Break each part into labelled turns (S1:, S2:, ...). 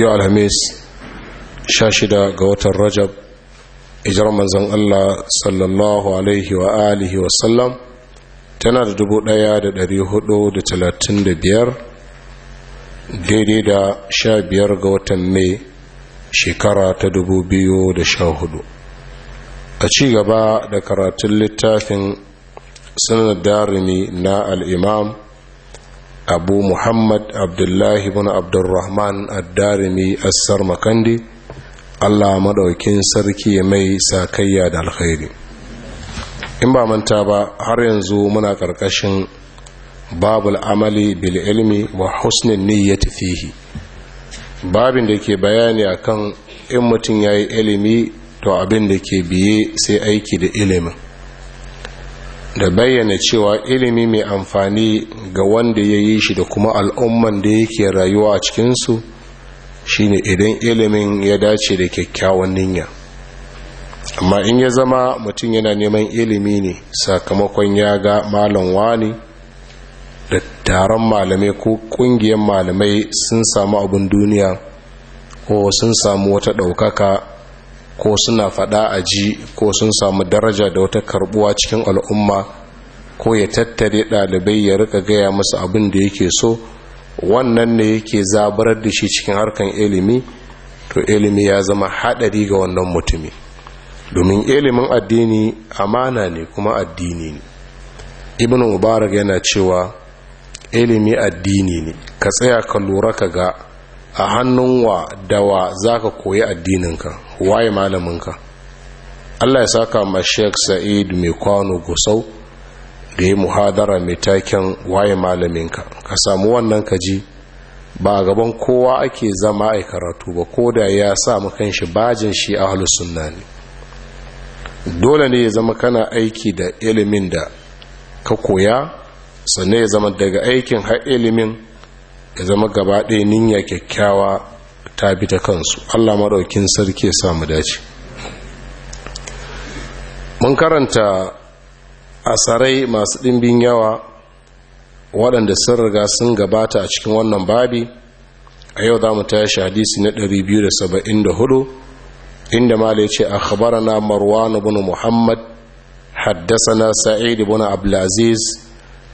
S1: yau alhamis sha shida ga watan rajab ijar manzan Allah sallallahu alaihi wa alihi wasallam tana da dubu daya da dari hudu da talatin da biyar daidai da sha biyar ga watan mai shekara ta dubu biyu da sha hudu a ci gaba da karatun littafin sanar darini na al'imam abu muhammad abdullahi bin abdurrahman addarimi assar makandi allah madaukin sarki mai sakayya da alkhairi in ba manta ba har yanzu muna karkashin babul amali bil ilmi wa husnin niyyati fihi babin da ke bayani akan in mutum yayi ilimi to abin da ke biye sai aiki da ilimin da bayyana cewa ilimi mai amfani ga wanda ya yi shi da kuma al'umman da yake rayuwa a cikinsu shine idan ilimin ya dace da kyakkyawan niyya amma in ya zama mutum yana neman ilimi ne sakamakon ya ga malam wani da taron malamai ko kungiyar malamai sun samu abin duniya ko sun samu wata ɗaukaka ko suna fada a ji ko sun samu daraja da wata karbuwa cikin al'umma ko ya tattare ɗalibai ya rika gaya masu abin da yake so wannan ne yake zabarar da shi cikin harkan ilimi to ilimi ya zama haɗari ga wannan mutumi domin ilimin addini amana ne kuma addini ne ibn mubarak yana cewa ilimi addini ne ka tsaya ka lura ka ga a hannun wa za ka koyi addininka waye malaminka Allah ya saka ma Sheikh Sa'id mai kwano gusau da yi muhadara mai taken waye malaminka ka samu wannan kaji ba gaban kowa ake zama a karatu ba ko da ya sa kan shi bajin shi ahlus sunna ne dole ne ya zama kana aiki da ilimin da ka koya sannan ya zama daga aikin har ilimin ya zama gaba ɗaya niyya kyakkyawa ta bi ta kansu Allah maraukin sarki ya samu dace mun karanta a sarai masu ɗimbin yawa waɗanda sun riga sun gabata a cikin wannan babi a yau za mu tashi hadisi na 274 inda mala ce a na marwan ibn muhammad haddasa na sa'id ibn abdulaziz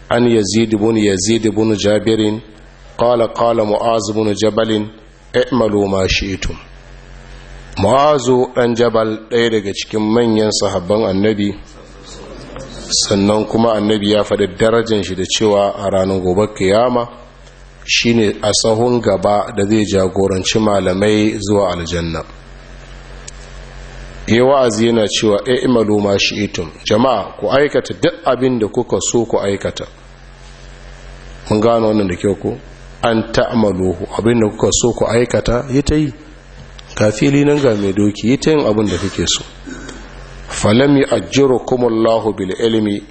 S1: an yazid ibn yazid ibn jabirin قال قال mu'azu بن جبل اعملوا ما شئتم mu'azu dan jabal ɗaya daga cikin manyan sahabban annabi sannan kuma annabi ya faɗi darajar shi da cewa a ranar gobe kiyama shine a sahun gaba da zai jagoranci malamai zuwa aljanna yi wa'azi yana cewa e imalu ma itum jama'a ku aikata duk abin da kuka so ku aikata mun gano wannan da kyau ku. an ta'amaluhu abinda kuka so ku aikata yi ta yi kafili fili nan ga mai doki yi ta yin abin da kake so falami a ajiro kuma allahu bil ilimi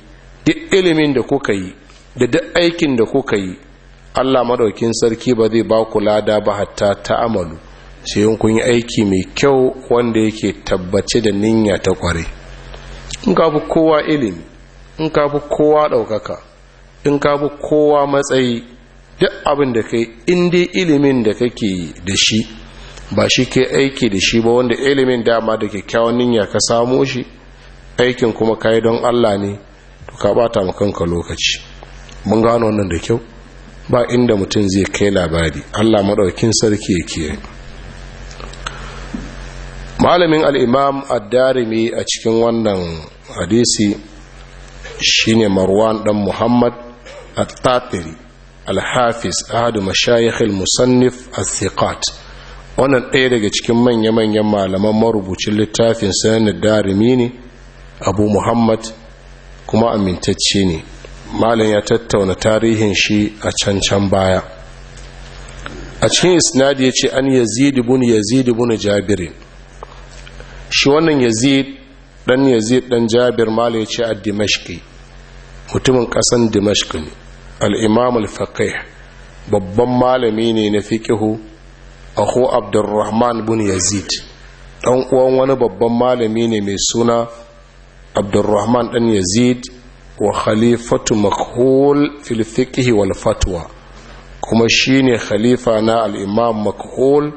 S1: duk ilimin da kuka yi da duk aikin da kuka yi allah madaukin sarki ba zai ba ku lada ba hatta ta'amalu sai yin kun yi aiki mai kyau wanda yake tabbace da niyya ta kware in ka kowa ilimi in ka kowa ɗaukaka in ka kowa matsayi duk abin da kai inda ilimin da kake da shi ba shi ke aiki da shi ba wanda ilimin dama da kyakkyawan niyya ka samo shi aikin kuma kai don Allah ne to ka bata ma kanka lokaci mun gano wannan da kyau ba inda mutum zai kai labari Allah madaukakin sarki yake malamin al-imam ad-darimi a cikin wannan hadisi shine marwan ɗan muhammad at-tatiri alhafis ahadu mashayikh musannif al-thiqat wannan ɗaya daga cikin manya-manyan malaman marubucin littafin sanar darimi ne abu muhammad kuma amintacce ne malam ya tattauna tarihin shi a cancan baya a cikin isnadi ya ce an yazid ibn yazid ibn jabir shi wannan yazid dan yazid dan jabir malam ya ce a dimashqi mutumin kasan dimashq ne al'imam al babban malami ne na fiƙihu aho abdurrahman bin yazid ɗan uwan wani babban malami ne mai suna abdurrahman ɗan yazid wa khalifatu makhul fil fiqhi wal fatwa kuma shine khalifa na al-imam makhul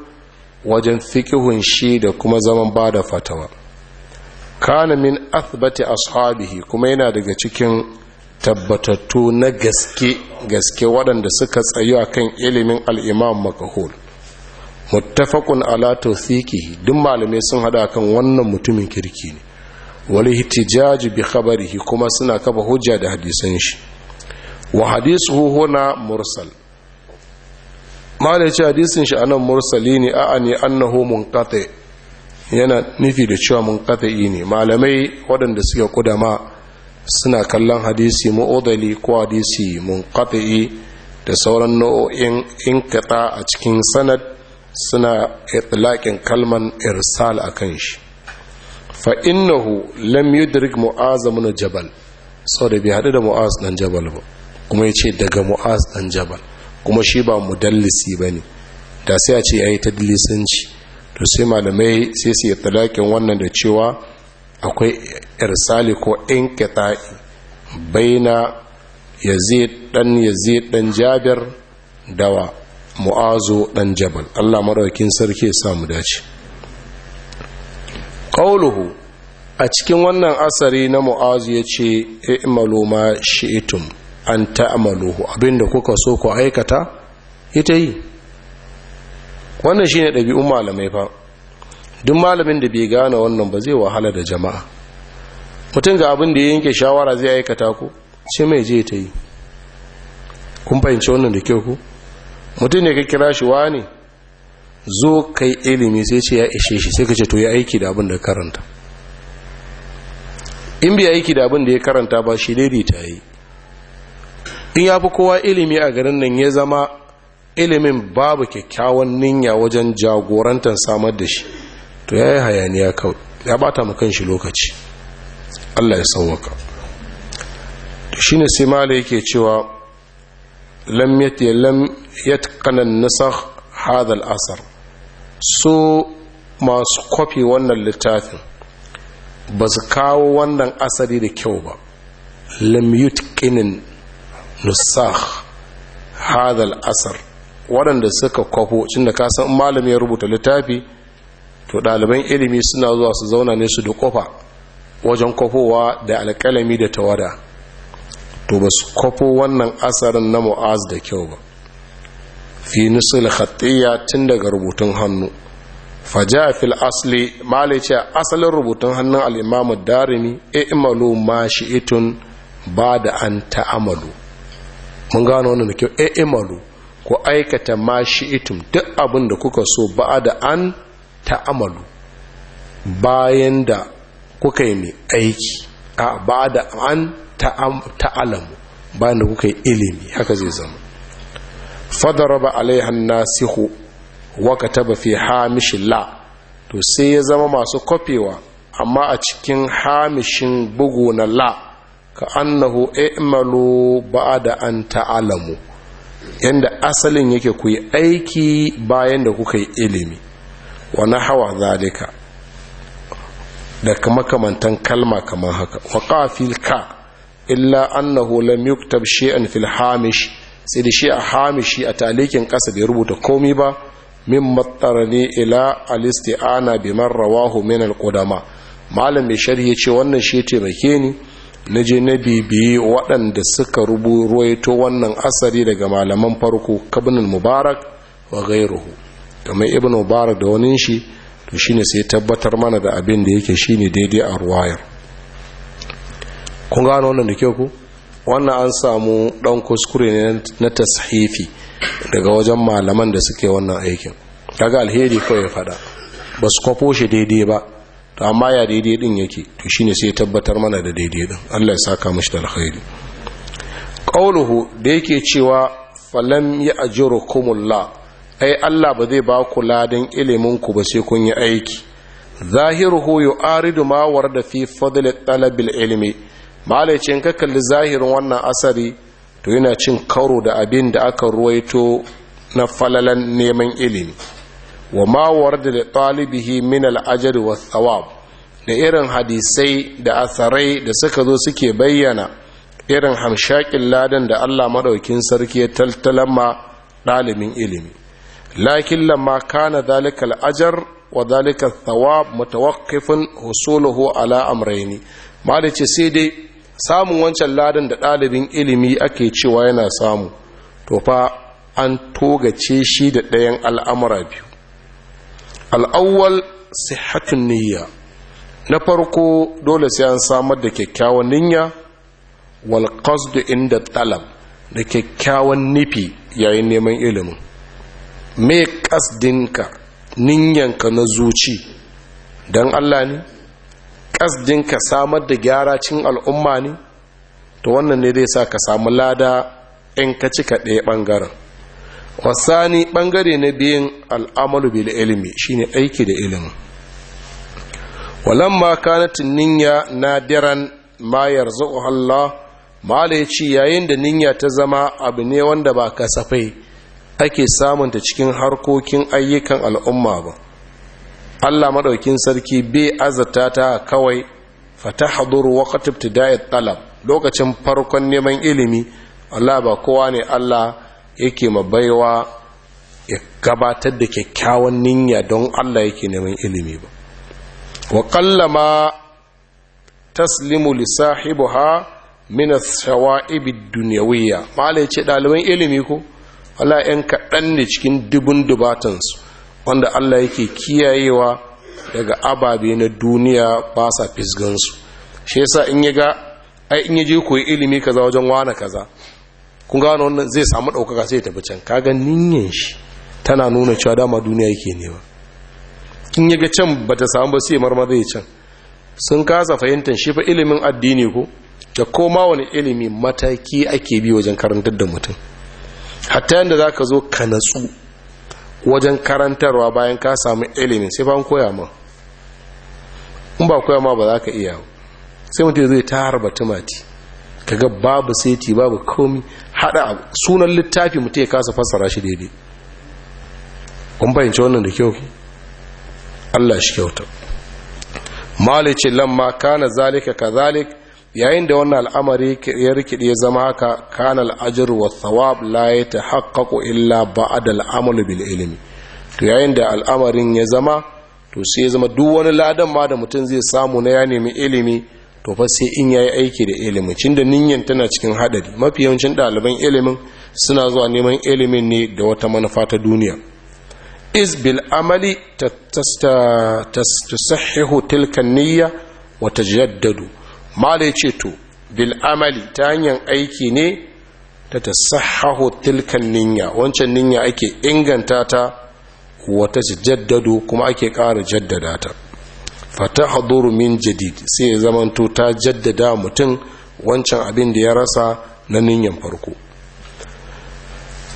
S1: wajen fiƙihun shi da kuma zaman bada fatawa kana min athbati ashabihi kuma yana daga cikin tabbatattu na gaske gaske waɗanda suka tsayu a kan ilimin al'imam makahul muttafaqun ala tawthiqihi duk malamai sun hada kan wannan mutumin kirki ne wal hitijaji bi khabarihi kuma suna kafa hujja da hadisan shi wa huhu huna mursal malai ce hadisin shi anan mursali ne a ne annahu munqati yana nufi da cewa munqati ne malamai waɗanda suke kudama suna kallon hadisi mu'udali ko hadisi mun kafi da sauran nau'o'in inkata a cikin sanad suna itlaqin kalman irsal kan shi fa innahu lam yudrik mu'az min jabal da bai hadu da mu'az dan jabal ba kuma yace daga mu'az dan jabal kuma shi ba mudallisi bane da sai a ce ayi tadlisanci to sai malamai sai su itlaqin wannan da cewa akwai irsali ko kita'i baina yazid dan yazid dan jabir dawa mu'azu dan jabal Allah maraukin sarki ya samu dace qauluhu a cikin wannan asari na mu'azu yace i'malu ma shi'tum an ta'maluhu abinda kuka so ku aikata ita yi wannan shine ɗabi'un malamai fa duk malamin da bai gane wannan ba zai wahala da jama'a mutum ga abin da ya yanke shawara zai aikata ku ce mai je ta yi kun fahimci wannan da kyau ku mutum ne ka kira shi wa ne? zo kai ilimi sai ce ya ishe shi sai ka ce to ya aiki da abin da karanta in bai aiki da abin da ya karanta ba shi daidai ta yi in ya fi kowa ilimi a garin nan ya zama ilimin babu kyakkyawan ninya wajen jagorantar samar da shi to ya yi hayaniya kawai ya bata mu shi lokaci allah ya sauwaka shi ne sai mala yake cewa lam yatkanan nasar hadal asar so masu kwafi wannan littafin ba su kawo wannan asari da kyau ba lam yutkinin nusakh hadal asar waɗanda suka kwafo cin da kasan malam ya rubuta littafi to ɗaliban ilimi suna zuwa su zauna ne su da kofa wajen kofowa da alƙalami da tawada to ba su kofo wannan asarin na mu'az da kyau ba fi nusul khatiyya tun daga rubutun hannu faja fil asli malice asalin rubutun hannun al'imamu darini e imalu ma itun ba da an ta'amalu mun gano wannan da kyau e imalu ko aikata ma itun duk abin da kuka so ba da an ta amalu bayan da kuka yi mai aiki a ba da an ta'alamu bayan da kuka yi ilimi haka zai zama fadaraba alaihan nasihu waka taba fi hamishin la to sai ya zama masu kwafewa amma a cikin hamishin bugu na la ka annahu i'malu ba da an ta'alamu Yadda asalin yake ku yi aiki bayan da kuka yi ilimi wani hawa zalika da makamantan kalma kamar haka wa fil ka illa annahu lam yuktab shay'an fil hamish sai da shi hamishi a talikin ƙasa bai rubuta komi ba min ne ila alisti'ana man rawahu min alqudama malam mai sharhi ce wannan shi taimake ni na je na bibiyi waɗanda suka rubu ruwaito wannan asari daga malaman farko kabinin mubarak wa gairuhu kamar ibn mubarak da wani shi to shine sai tabbatar mana da abin da yake shine daidai a ruwayar kun gano wannan da kyau ku wannan an samu dan kuskure ne na tashifi daga wajen malaman da suke wannan aikin kaga alheri kawai fada ba su kwafo shi daidai ba to amma ya daidai din yake to shine sai tabbatar mana da daidai din Allah ya saka mishi da alkhairi qauluhu da yake cewa falam ya ya'jurukumullah ai Allah ba zai ba ku ladan ilimin ku ba sai kun yi aiki zahiruhu yu'aridu ma warda fi fadl talabil ilmi malaicin ka kalli zahirin wannan asari to yana cin karo da abin da aka ruwaito na falalan neman ilimi wa ma warda li talibihi min al-ajr wa thawab da irin hadisai da asarai da suka zo suke bayyana irin hamshakin ladan da Allah madaukin sarki ya taltalama dalimin ilimi lakin lamma kana dhalika al wa dalika al-thawab mutawaqqifun husuluhu ala amrayni malai ce sai dai samun wancan ladan da ɗalibin ilimi ake cewa yana samu to fa an togace shi da ɗayan al'amura biyu al'awwal sihatun niyya na farko dole sai an samar da kyakkyawan niyya wal qasd inda talab da kyakkyawan nufi yayin neman ilimin me kasdinka ninyanka na zuci don allah ne kasdinka samar da gyara cin al'umma ne to wannan ne zai sa ka samu lada in ka cika ɗaya ɓangaren wasani ɓangare na biyan al'amalu bil ilimi shine aiki da ilimi walamma kanatin ninya daren mayar zuwa Allah mala ce yayin da ninya ta zama abu ne wanda ba kasafai ake samunta cikin harkokin ayyukan al'umma ba allah maɗaukin sarki bai azata ta kawai fata haduru waqtib tidayat talab lokacin farkon neman ilimi allah ba kowa ne allah yake baiwa ya gabatar da kyakkyawan niyya don allah yake neman ilimi ba wa qallama taslimu li ha min shawa ibi malai ce ɗaliban ilimi ko wala ‘yan kaɗan ne cikin dubun dubatansu wanda Allah yake kiyayewa daga ababe na duniya ba sa fisgansu shi yasa in ya ga ai in ya koyi ilimi kaza wajen wana kaza kun gano wannan zai samu ɗaukaka sai tafi can kaga ninyan shi tana nuna cewa dama duniya yake nema in ya ga can ba ta samu ba sai marmar zai can sun kasa fahimtar shi fa ilimin addini ko da koma wani ilimi mataki ake bi wajen karantar da mutum hatta yadda za ka zo ka natsu wajen karantarwa bayan ka samu ilimi sai ban koya ma in ba koya ma ba za ka iya sai mutu zai ta harba tumati kaga babu seti babu komi hada sunan littafi mutu ya kasa fassara shi daidai kun bayanci wannan da kyau Allah shi kyauta malice lamma kana zalika ka zalika. yayin da wannan al'amari ya rikide ya zama haka kanal al'ajir wa thawab la haƙaƙo illa ba'da al'amal bil ilmi to yayin da al'amarin ya zama to sai zama duk wani ladan ma da mutum zai samu na ya nemi ilimi to fa sai in yayi aiki da ilimi cin da niyyar tana cikin hadari mafi yawancin ɗaliban ilimin suna zuwa neman ilimin ne da wata manufa ta duniya is bil amali tastasahhihu tilka niyya wa tajaddadu mala ya ce to bil amali ta hanyar aiki ne ta ta sahahu tilkan ninya wancan ninya ake inganta ta wata su jaddado kuma ake ƙara jaddada ta fata haduru min jadid sai ya zamanto ta jaddada mutum wancan abin da ya rasa na ninyan farko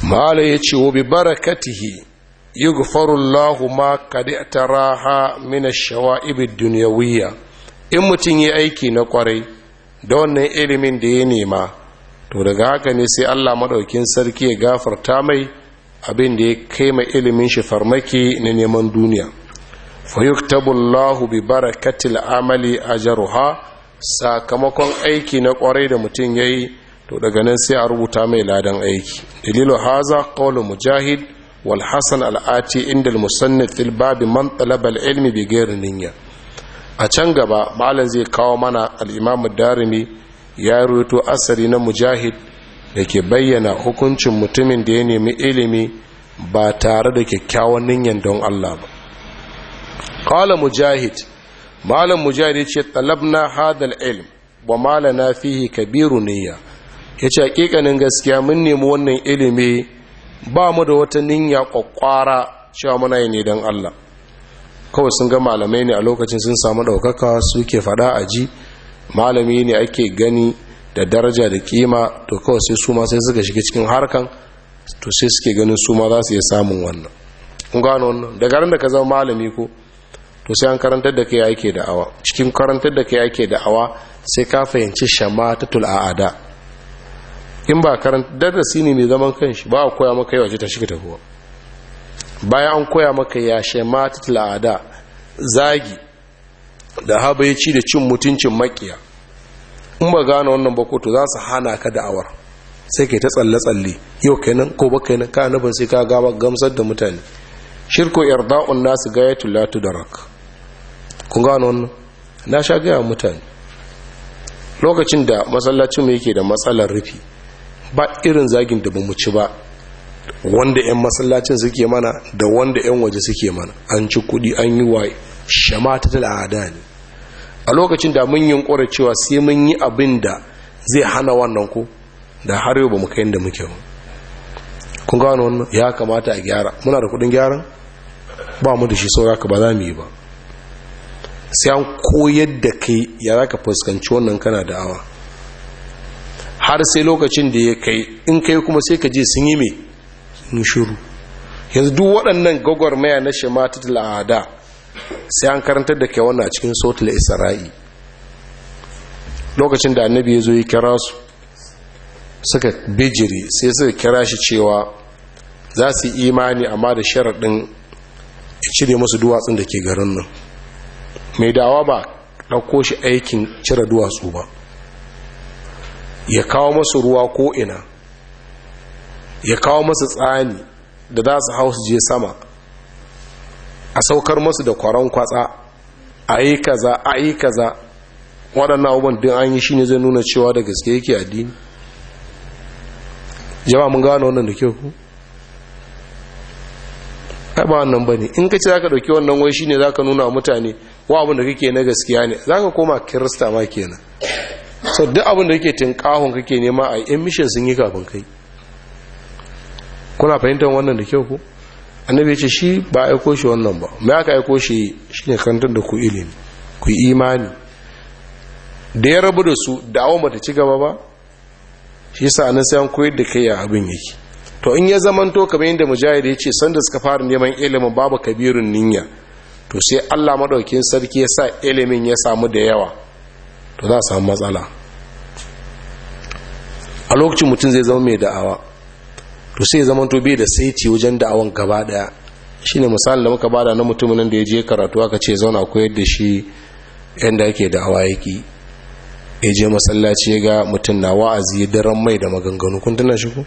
S1: mala ya ce wa bi barakatihi yugfarullahu Allahu ma qad ta min ash-shawa'ib ad-dunyawiyya in mutum ya aiki na kwarai da wannan ilimin da ya nema to daga haka ne sai allah maɗaukin sarki ya gafarta mai abin da ya kai ma ilimin shi farmaki na neman duniya fayuktabullahu bi barakatil amali a jaruha sakamakon aiki na kwarai da mutum ya yi, to daga nan sai a rubuta mai ladan aiki dalilu haza qawlu mujahid wal hasan al ati inda al musannif fil man talaba al ilmi bi ghairi niyya a can gaba malam zai kawo mana al'imamu darimi ya roto asali na mujahid da ke bayyana hukuncin mutumin da ya nemi ilimi ba tare da kyakkyawan ninyan don Allah ba ƙala mujahid malam mujahid ce talabna hadal ilm wa na fihi kabiru niyya ya ce hakikanin gaskiya mun nemi wannan ilimi ba mu da wata niyya kwakwara cewa muna yi ne don Allah kawai sun ga malamai ne a lokacin sun samu ɗaukaka suke faɗa a ji malami ne ake gani da daraja da kima to kawai sai su ma sai suka shiga cikin harkan to sai suke ganin su ma za su iya samun wannan kun gano wannan da garin da ka zama malami ko to sai an karantar da kai ake da'awa cikin karantar da kai ake da'awa sai ka fahimci shamatatul a'ada in ba karantar da ne mai zaman kanshi ba a koya maka yawa ce ta shiga ta bayan an koya maka yashe matat la'ada zagi da habaici da cin mutuncin makiya in ba gane wannan bakoto za su hana ka da'awar sai ka ta tsalle-tsalle yau kenan ko ba kenan ka nufin sai ka gaba gamsar da mutane shirko yarda'un nasu tulatu da rak kun gano wannan na sha gaya mutane lokacin da masallacin mu yake da matsalar rufi ba irin zagin da ba mu ci ba wanda 'yan masallacin suke mana da wanda 'yan waje suke mana an ci kudi an yi wa shamata ta al'ada ne a lokacin da mun yunkura cewa sai mun yi abin da zai hana wannan ku da har yau ba mu kai da muke ba kun gano wannan ya kamata a gyara muna da kudin gyaran ba mu da shi saura ka ba za mu yi ba sai an koyar da kai ya za ka fuskanci wannan kana da'awa har sai lokacin da ya kai in kai kuma sai ka je sun yi mai kun shiru yanzu duk waɗannan gwagwarmaya na shematatul ada sai an karantar da kyawun a cikin sotul isra'i lokacin da annabi ya zo ya kira su suka bijiri sai suka kira shi cewa za su yi imani amma da sharaɗin ya cire musu duwatsun da ke garin nan mai dawa ba ɗauko shi aikin cire duwatsu ba ya kawo masu ruwa ko ina ya kawo masu tsani da za su hau su je sama a saukar masu da kwaron kwatsa a yi kaza a yi kaza waɗannan abubuwan din an yi shi ne zai nuna cewa da gaske yake addini jama'a mun gano wannan da kyau ku ai ba wannan bane in ka ce zaka dauki wannan wai shine zaka nuna mutane wa abin da kake na gaskiya ne zaka koma kirista ma kenan so duk abin da kake tinkahon kake nema a yi mission sun yi kafin kai kuna fahimtar wannan da kyau ku annabi ya ce shi ba a aiko shi wannan ba mai aka aiko shi shi ne kantar da ku ilimi ku imani da ya rabu da su ba mata ci gaba ba shi sa nan sai an koyar da kai ya abin yake to in ya zamanto kamar yadda mujahid ya ce sanda suka fara neman ilimin babu kabirun niyya to sai Allah maɗaukin sarki ya sa ilimin ya samu da yawa to za a samu matsala a lokacin mutum zai zama mai da'awa to sai zaman to bai da saiti wajen da'awan gaba daya shine misali da muka bada na mutumin da ya je karatu aka ce zauna koyar da shi yanda yake da'awa yake ya je masallaci ya ga mutum na wa'azi ya daren mai da maganganu kun tana shi ko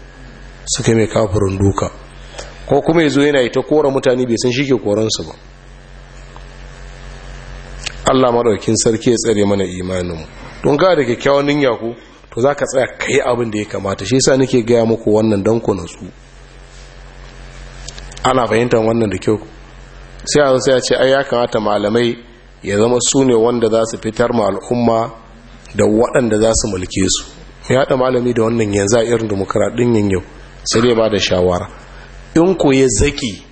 S1: suka mai kafirin duka ko kuma ya zo yana ita kora mutane bai san shi ke koransu ba Allah maɗaukin sarki ya tsare mana imaninmu don ga da kyakkyawan ninya ko to za ka tsaya ka yi abin da ya kamata shi sa nake gaya muku wannan don ku natsu ana fahimtar wannan da kyau sai a zai ce ai ya kamata malamai ya zama su ne wanda za su fitar ma al'umma da waɗanda za su mulke su ya haɗa malami da wannan yanzu a irin dimokuraɗin yin yau sai dai ba da shawara in ko ya zaki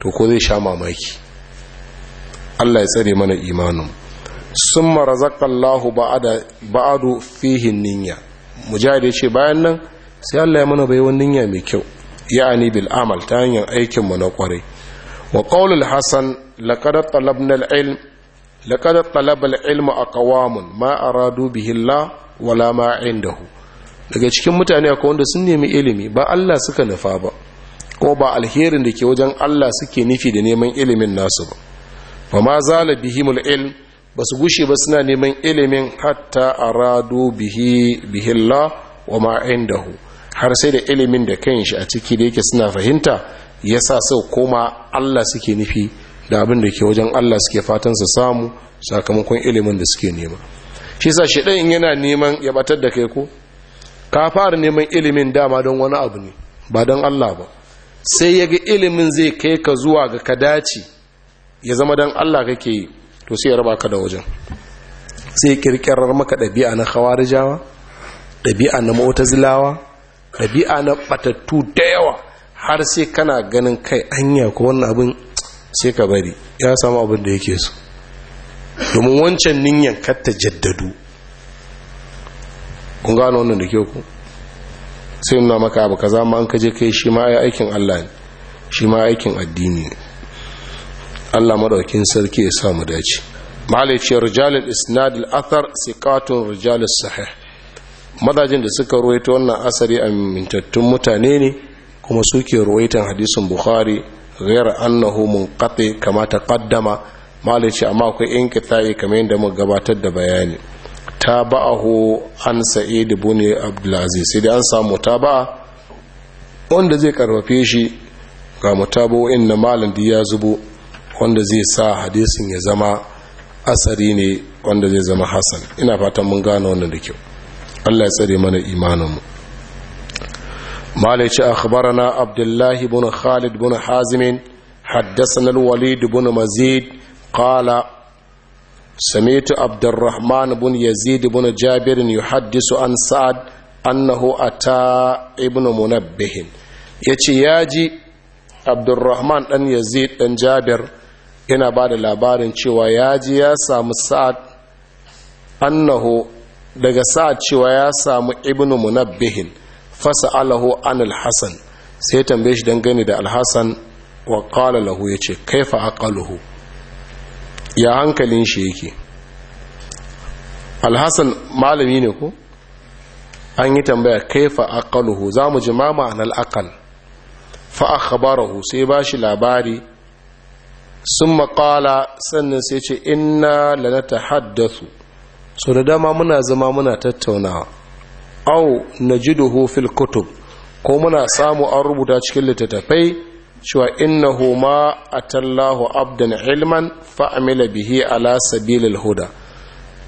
S1: to ko zai sha mamaki Allah ya tsare mana imanin sun marazakallahu ba'adu fihin ninya mujahid ya ce bayan nan sai Allah ya mana baiwan ninya mai kyau ya'ani bil amal ta hanyar aikin mu na kwarai wa qaulul hassan laƙadar talabna ilmu a kawamun ma wala ma dahu daga cikin mutane akwai wanda sun nemi ilimi ba Allah suka nufa ba ko ba alherin da ke wajen Allah suke nufi da neman ilimin nasu ba ba ma zala bihimul ilm ba su gushe ba suna neman ilimin hatta arado bihi bihilla wa dahu. har sai da ilimin da kanshi a ciki da yake suna fahimta ya sa sau koma Allah suke nufi da abin da ke wajen Allah suke fatan su samu sakamakon ilimin da suke nema shi sa shi ɗayin yana neman ya batar da kai ko ka fara neman ilimin dama don wani abu ne ba don Allah ba sai ya ga ilimin zai kai ka zuwa ga ka kadaci ya zama don Allah kake yi to sai ya raba ka da wajen sai kirkirar maka ɗabi'a na khawarijawa ɗabi'a na mu'tazilawa ɗabi'a na batattu da yawa har sai kana ganin kai anya ko wannan abin sai ka bari ya samu abin da yake so domin wancan ninyan kar ta jaddadu kun gano wannan da ke ku sai nuna maka abu kaza ma an kaje kai shi ma ya aikin Allah ne shi ma aikin addini ne Allah madaukin sarki ya samu mu dace malice rijal al-isnad al-athar siqatun rijal sahih madajin da suka ruwaito wannan asari amintattun mutane ne kuma suke ruwaitan hadisin bukhari ghayra annahu munqati kama taqaddama ce amma akwai inqita'i kamar yadda muka gabatar da bayani tabahu an sa'id ibn abdulaziz sai dai an samu taba'a wanda zai karfafe shi ga mutabo inna malam ya zubo wanda zai sa hadisin ya zama asari ne wanda zai zama hasan ina fatan mun gane wannan da kyau Allah ya tsare mana imaninmu malai ce akhbarana abdullahi ibn khalid ibn hazim حدثنا الوليد بن مزيد قال سمعت عبد الرحمن بن يزيد بن جابر يحدث عن سعد أنه أتى ابن منبه يتي ياجي عبد الرحمن أن يزيد أن جابر yana ba da labarin cewa ya ji ya samu sa'ad annahu daga sa'ad cewa ya samu ibnu munabbihin fasa alahu an alhassan sai ya tambaye shi dangane da alhassan wa kala lahu yace kaifa akaluhu ya hankalin shi yake alhassan malami ne ku. an yi tambaya kaifa za zamu ji ma ma'anar akal fa sai ba shi labari sun maƙala sannan sai ce inna lalata haddasu so da dama muna zama muna tattaunawa au na jiduhu fil kutub ko muna samu an rubuta cikin littattafai cewa inna ma tallahu abdan ilman fa'amila bihi ala sabilil huda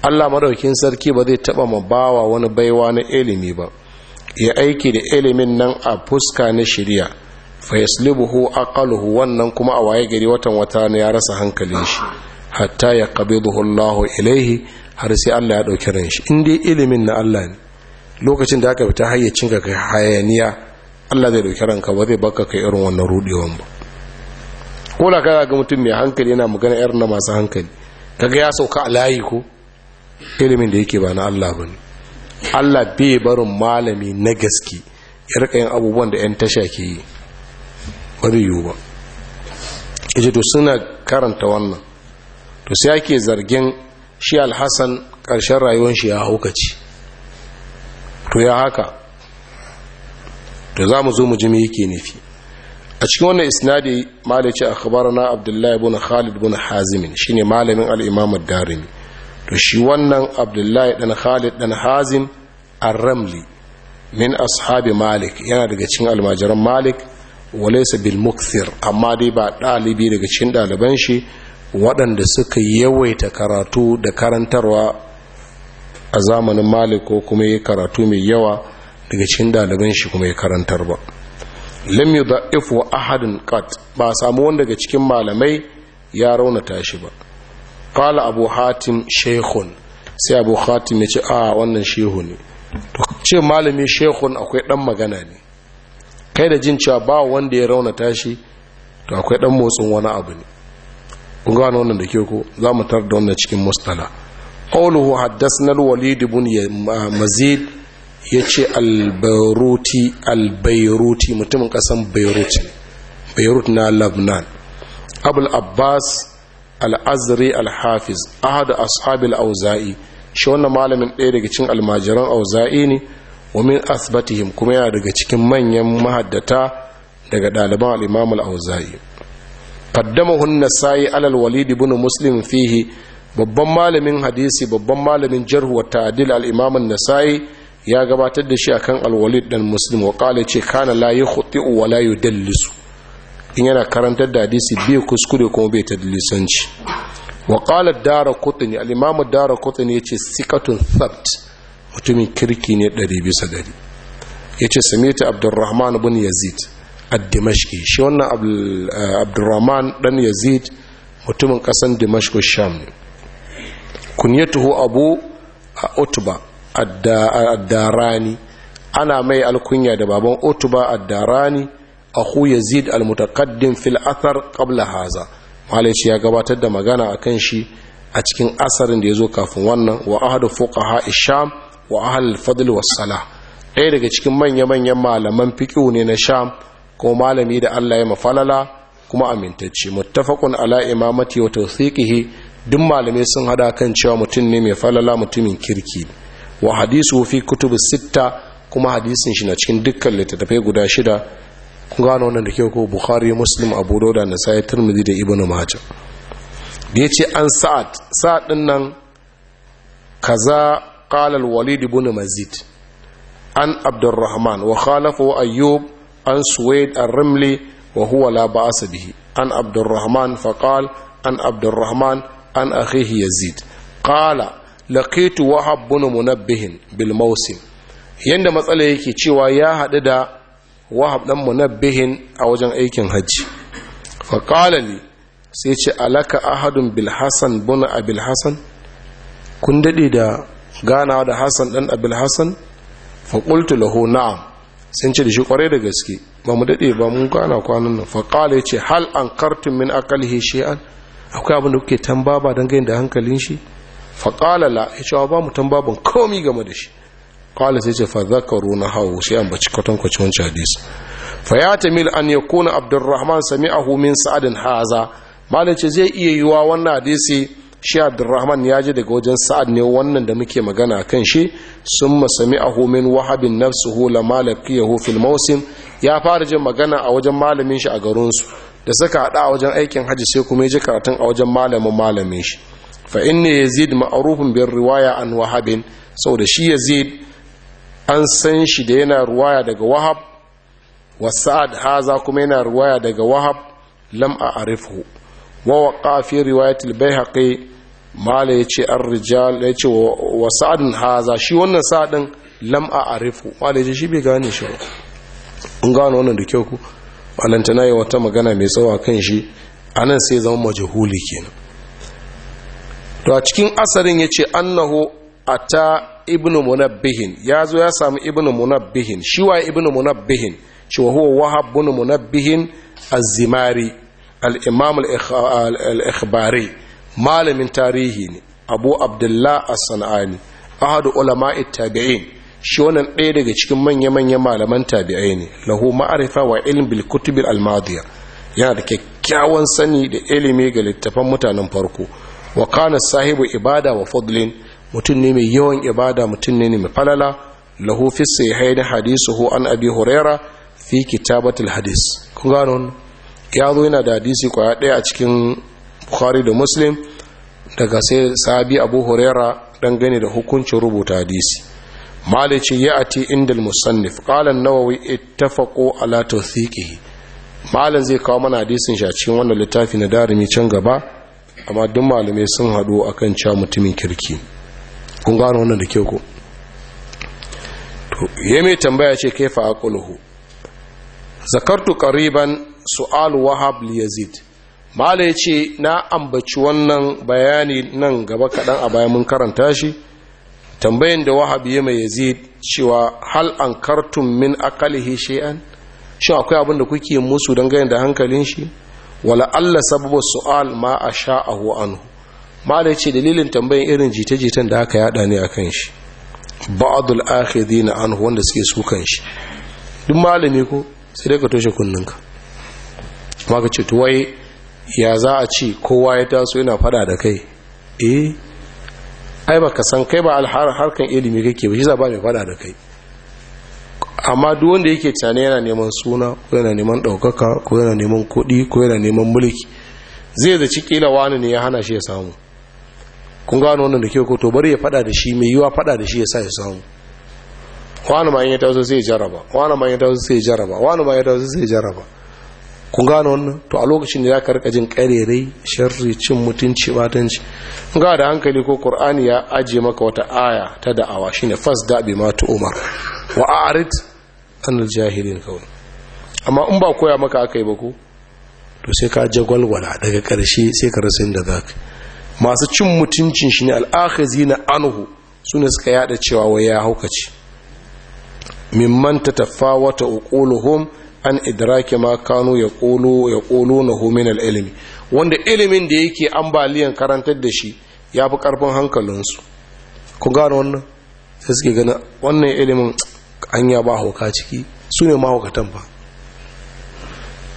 S1: Allah madaukin sarki ba zai taɓa ma bawa wani baiwa na ilimi ba ya aiki da ilimin nan a fuska na shirya fayaslibuhu aqaluhu wannan kuma a waye gari watan wata ne ya rasa hankalin shi hatta ya qabidahu Allahu ilaihi har sai Allah ya dauki ran shi in ilimin na Allah ne lokacin da aka fita hayyacin ka hayaniya Allah zai dauki ranka ba zai baka kai irin wannan rudewan ba ko da ga mutum mai hankali yana magana irin na masu hankali kaga ya sauka a layi ko ilimin da yake ba na Allah ba ne. Allah bai barin malami na gaske ya rika yin abubuwan da 'yan tasha ke yi ba zai yiwu ba ije to suna karanta wannan to sai ake zargin shi alhassan ƙarshen rayuwar shi ya haukaci to ya haka to za mu zo mu ji yake nufi a cikin wannan isnadi malice na abdullahi Buna khalid ibn hazim shine malamin al darimi to shi wannan abdullahi dan khalid dan hazim ar-ramli min ashabi malik yana daga cikin almajiran malik walaisa bil mukthir amma dai ba dalibi daga cikin daliban shi waɗanda suka yawaita karatu da karantarwa a zamanin malik ko kuma ya karatu mai yawa daga cikin daliban shi kuma ya karantar ba lam yudha'if wa ahadin qat ba samu wanda daga cikin malamai ya raunata shi ba qala abu hatim shaykhun sai abu hatim ya ce a ah, wannan shehu ne to ce malami shaykhun akwai dan magana ne kai da jin cewa ba wanda ya rauna tashi to akwai dan motsin wani abu ne kun gano wannan da ke ko za mu tar da wannan cikin mustala qawluhu haddathna al-walid ibn mazid ya ce bayruti al mutumin kasan bairut beirut na labnan. abul abbas al-azri al-hafiz ahad ashabil auza'i shi wannan malamin ɗaya daga cikin almajiran auza'i ne wa min asbatihim kuma yana daga cikin manyan mahaddata daga ɗaliban al-imam al-auza'i qaddamahu an-nasai ala al-walid muslim fihi babban malamin hadisi babban malamin jarh wa ta'dil al-imam an-nasai ya gabatar da shi akan al-walid dan muslim wa qala ce kana la yukhti'u wa la yudallis in yana karantar da hadisi bai kuskure kuma bai tadlisanci wa qala ad-darqutni al-imam ad-darqutni yace sikatun thabt mutumin kirki ne ɗari bisa ɗari ya ce samita abdurrahman bin yazid a dimashki shi wannan eh, abdurrahman ɗan yazid mutumin ƙasan dimashki sham ne kunyatuhu abu a utuba darani ana mai alkunya da baban utuba a hu yazid almutaqaddim fil athar qabla haza malaici ya gabatar da magana a kan shi a cikin asarin da ya zo kafin wannan wa ahadu fuqaha isham wa ahal fadl wassala ɗaya daga cikin manya-manyan malaman fiƙo ne na sham kuma malami da allah ya mafalala kuma amintacce muttafaqun ala imamati wa tawthiqihi duk malamai sun hada kan cewa mutum ne mai falala mutumin kirki wa hadisu fi kutubus sitta kuma hadisin shi na cikin dukkan littattafai guda shida kun gano wannan da ke ko bukhari muslim abu dauda na sai tirmidhi da ibnu majah da yace an sa'ad sa'ad din nan kaza qala walidi walid mazid an abdurrahman wa khalafu ayyub an suwaid a rimli wa laba la an abdurrahman fa qala an abdurrahman an akhihi yazid qala laqitu wahab ibn munabbih bil mawsim yanda matsala yake cewa ya haɗu da wahab dan munabbihin a wajen aikin hajji fa qala li sai ce alaka ahadun bil hasan bun abil hasan kun dade da ganawa da hassan ɗan abil hassan faƙultu laho na'am sun ce da shi kwarai da gaske ba mu daɗe ba mun gana kwanan nan faƙala ya ce hal an kartun min akalihi shi'an akwai abin da kuke tambaba don gani da hankalin shi faƙala la ya ce ba mu tambaban komi game da shi ƙwala sai ce fa zakaru na hau? sai an baci kwatankwacin wancan hadisi fa ya mil an ya kuna abdurrahman sami ahu min sa'adin haza malin ce zai iya yiwa wannan hadisi shi abdurrahman ya ji daga wajen sa'ad ne wannan da muke magana kan shi sun masami a wahabin nafsuhu la malafi yahu fil mausim ya fara jin magana a wajen malamin shi a garinsu da suka haɗa a wajen aikin hajji sai kuma ya ji karatun a wajen malamin malamin shi fa ya yazid ma'arufin biyar riwaya an wahabin sau da shi yazid an san shi da yana ruwaya daga wahab wa sa'ad haza kuma yana ruwaya daga wahab lam a arifhu ووقع riwayatul bai haƙe. mala ya ce an rijal ya ce wa sa'adin haza shi wannan sa'adin lam a arifu mala ya ce shi bai gane shi ba in gano wannan da kyau ku alantana yi wata magana mai tsawa kan shi a nan sai zama majahuli kenan to a cikin asarin ya ce annahu a ta ibnu munabbihin ya zo ya samu ibnu munabbihin shi wa ibn munabbihin shi wa huwa wahab bin munabbihin az-zimari al-imam al-ikhbari malamin tarihi ne abu abdullah as-sanani ahadu ulama'i tabi'in shi wannan ɗaya daga cikin manya-manya malaman tabi'ai ne lahu ma'arifa wa ilm bil kutubil almadiya yana da kyakkyawan sani da ilimi ga littafan mutanen farko wa kana sahibu ibada wa fadlin mutum ne mai yawan ibada mutum ne mai falala lahu fi sahihaini hadisuhu an abi huraira fi kitabatul hadis kun gano ya zo yana da hadisi kwaya ɗaya a cikin bukhari da muslim daga sai Sabi abu huraira dangane da hukuncin rubuta hadisi malik ce ya ati inda musannif qala an-nawawi ittafaqu ala tawthiqihi malam zai kawo mana hadisin shi a cikin wannan littafi na darimi can gaba amma duk malamai sun hadu akan cewa mutumin kirki kun gano wannan da kyau ko to ya mai tambaya ce kaifa aquluhu zakartu qariban su'al wahab li yazid mala ya ce na ambaci wannan bayani nan gaba kaɗan a bayan mun karanta shi tambayin da wahabi ya mai yazid cewa hal an kartun min akalihi shay'an shi akwai abin da kuke musu don gani da hankalin shi wala Allah sababu su'al ma a sha sha'ahu anhu mala ce dalilin tambayin irin jita-jitan da aka yada ne a kan shi akhidi na anhu wanda suke su kan shi duk malami ko sai dai ka toshe kunninka kuma ka ce to wai ya za a ci kowa ya taso yana fada da kai eh ai baka san kai ba harkan ilimi kake ba shi za ba mai fada da kai amma duk wanda yake tunani yana neman suna ko yana neman ɗaukaka ko yana neman kuɗi ko yana neman mulki zai da ci kila wani ne ya hana shi ya samu kun gano wannan da ke ko to bari ya fada da shi mai yiwa fada da shi ya sa ya samu wani ma in ya taso sai ya jaraba wani ma in ya taso sai ya jaraba wani ma in ya taso sai ya jaraba Ku gano wannan to a lokacin da zaka rika jin karerai sharri cin mutunci batanci ga da hankali ko qur'ani ya aje maka wata aya ta da'awa shine fas bi ma umar wa a'rid al jahilin kawai amma in ba koya maka akai ba ko to sai ka jagwalwala daga karshe sai ka rasa inda zaka masu cin mutuncin shi ne al'akhazina anhu sune suka yada cewa wai ya haukace mimman tatafawata uquluhum an idraki ma kanu ya ƙolo ya ƙolo na hominal ilimi wanda ilimin da yake ambaliyan karantar da shi ya fi ƙarfin hankalinsu ku gano wannan sai suke gani wannan ilimin an ya ba hauka ciki su ne mahaukatan ba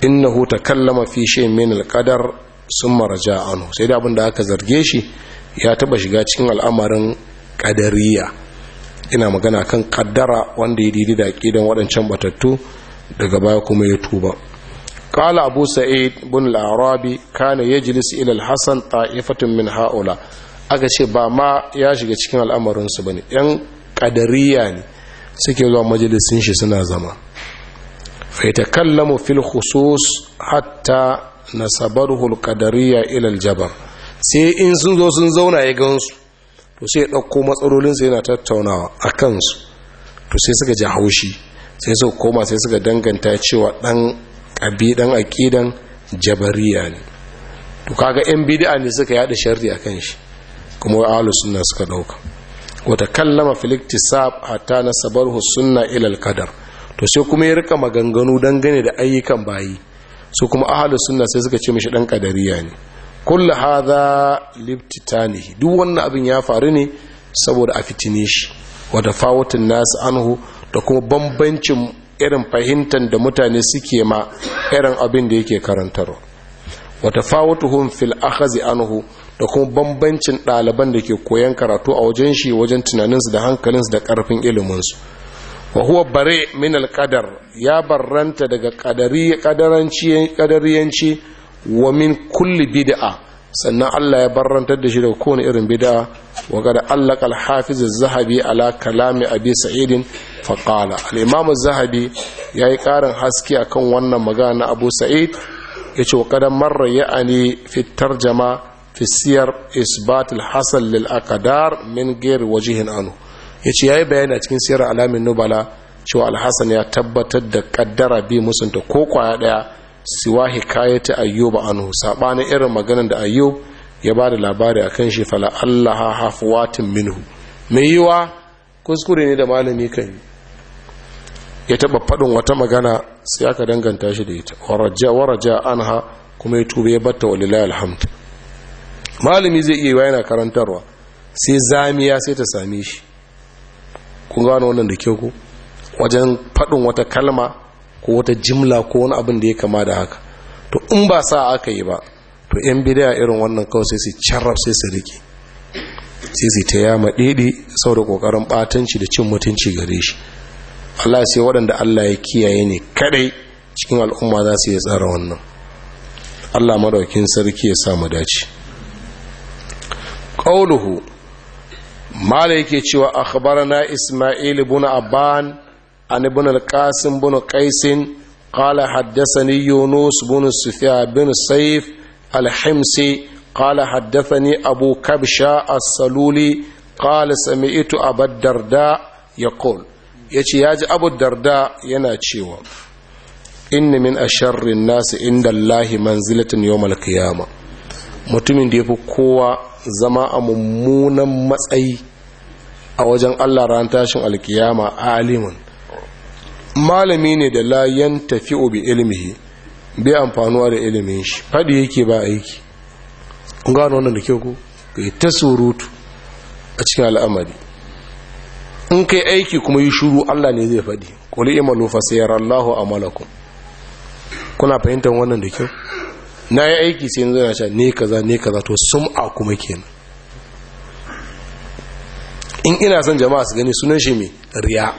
S1: innahu takallama fi shi min al sun summa raja'anu sai da abin da aka zarge shi ya taba shiga cikin al'amarin qadariya ina magana kan kaddara wanda ya didi da kidan waɗancan batattu daga baya kuma ya tuba قال bin سعيد بن kana كان يجلس إلى الحسن ta'ifatun min ha'ula aka ce ba ma ya shiga cikin al'amarinsu ba ne ‘yan kadariya ne suke zuwa majalisun shi suna zama faita kallamu fil khusus hatta na sabarhul ƙadariya ilal jabar sai in sun zo sun zauna ya gansu to sai ya ɗauko matsalolinsu yana tattaunawa a kansu to sai suka ji haushi sai su koma sai suka danganta cewa dan abi dan aqidan jabariya ne to kaga yan bid'a ne suka yada sharri kan shi kuma ahlus sunna suka dauka wa takallama fil iktisab hatta nasabahu sunna ila al qadar to sai kuma ya rika maganganu dangane da ayyukan bayi su kuma ahlus sunna sai suka ce mishi dan kadariya ne kullu hadha libtitani duk wannan abin ya faru ne saboda a fitine shi wa tafawutun nasu anhu da kuma bambancin irin fahimtar da mutane suke ma irin abin da yake karantarwa wata fawutuhun fil akhazi anhu da kuma bambancin ɗaliban da ke koyan karatu a wajen shi wajen tunaninsu da hankalinsu da ƙarfin iliminsu wa huwa bare min alƙadar ya barranta daga ƙadariyanci wa min kulli bid'a sannan Allah ya barrantar da shi daga kowane irin bid'a wa da allaka al zahabi ala kalami abi sa'idin faƙala. qala zahabi ya yi ƙarin haske a kan wannan magana na abu sa'id Ya ce wa qad marra ya'ani fitar jama fi siyar isbat al lil akadar min ghairi Ya ce yace yi bayani a cikin siyar alamin nubala cewa alhassan ya tabbatar da kaddara bi musunta ko kwaya ɗaya. siwa ta ayyub anhu sabanin irin maganar da ayyub ya ba da labari akan shi fala allaha hafuwatin minhu mai yiwa kuskure ne da malami kan yi ya taba faɗin wata magana sai aka danganta shi da ita waraja waraja anha kuma ya tuba ya batta walilahi alhamdu malami zai iya yana karantarwa sai zamiya sai ta same shi kun gano wannan da ke ku? wajen faɗin wata kalma ko wata jimla ko wani abin da ya kama da haka to in ba sa aka yi ba to yan bidiya irin wannan kawai sai su carrab sai su rike sai su ta yama ɗiɗi sau da ƙoƙarin ɓatanci da cin mutunci gare shi Allah sai waɗanda Allah ya kiyaye ne kadai cikin al'umma za su yi tsara wannan Allah madaukin sarki ya samu dace Ƙauluhu mala yake cewa akhbarana isma'il ibn abban عن ابن القاسم بن قيس قال حدثني يونس بن سفيان بن السيف الحمصي قال حدثني أبو كبشة السلولي قال سمعت أبا الدرداء يقول يتي ياج أبو الدرداء يناتشيوا إن من أشر الناس عند الله منزلة يوم القيامة mutumin da ya fi kowa zama a mummunan matsayi a wajen allah ran tashin alkiyama alimun malami ne da layan tafi obi ilmihi bai amfanuwa da ilimin shi faɗi yake ba aiki gano wannan da kyau ka yi ta surutu a cikin al'amari in kai aiki kuma yi shuru allah ne zai faɗi kuli imalu fasayar allahu a malakun kuna fahimtar wannan da kyau na yi aiki sai yanzu na sha ne kaza ne kaza to a kuma kenan in ina son jama'a su gani sunan shi mai riya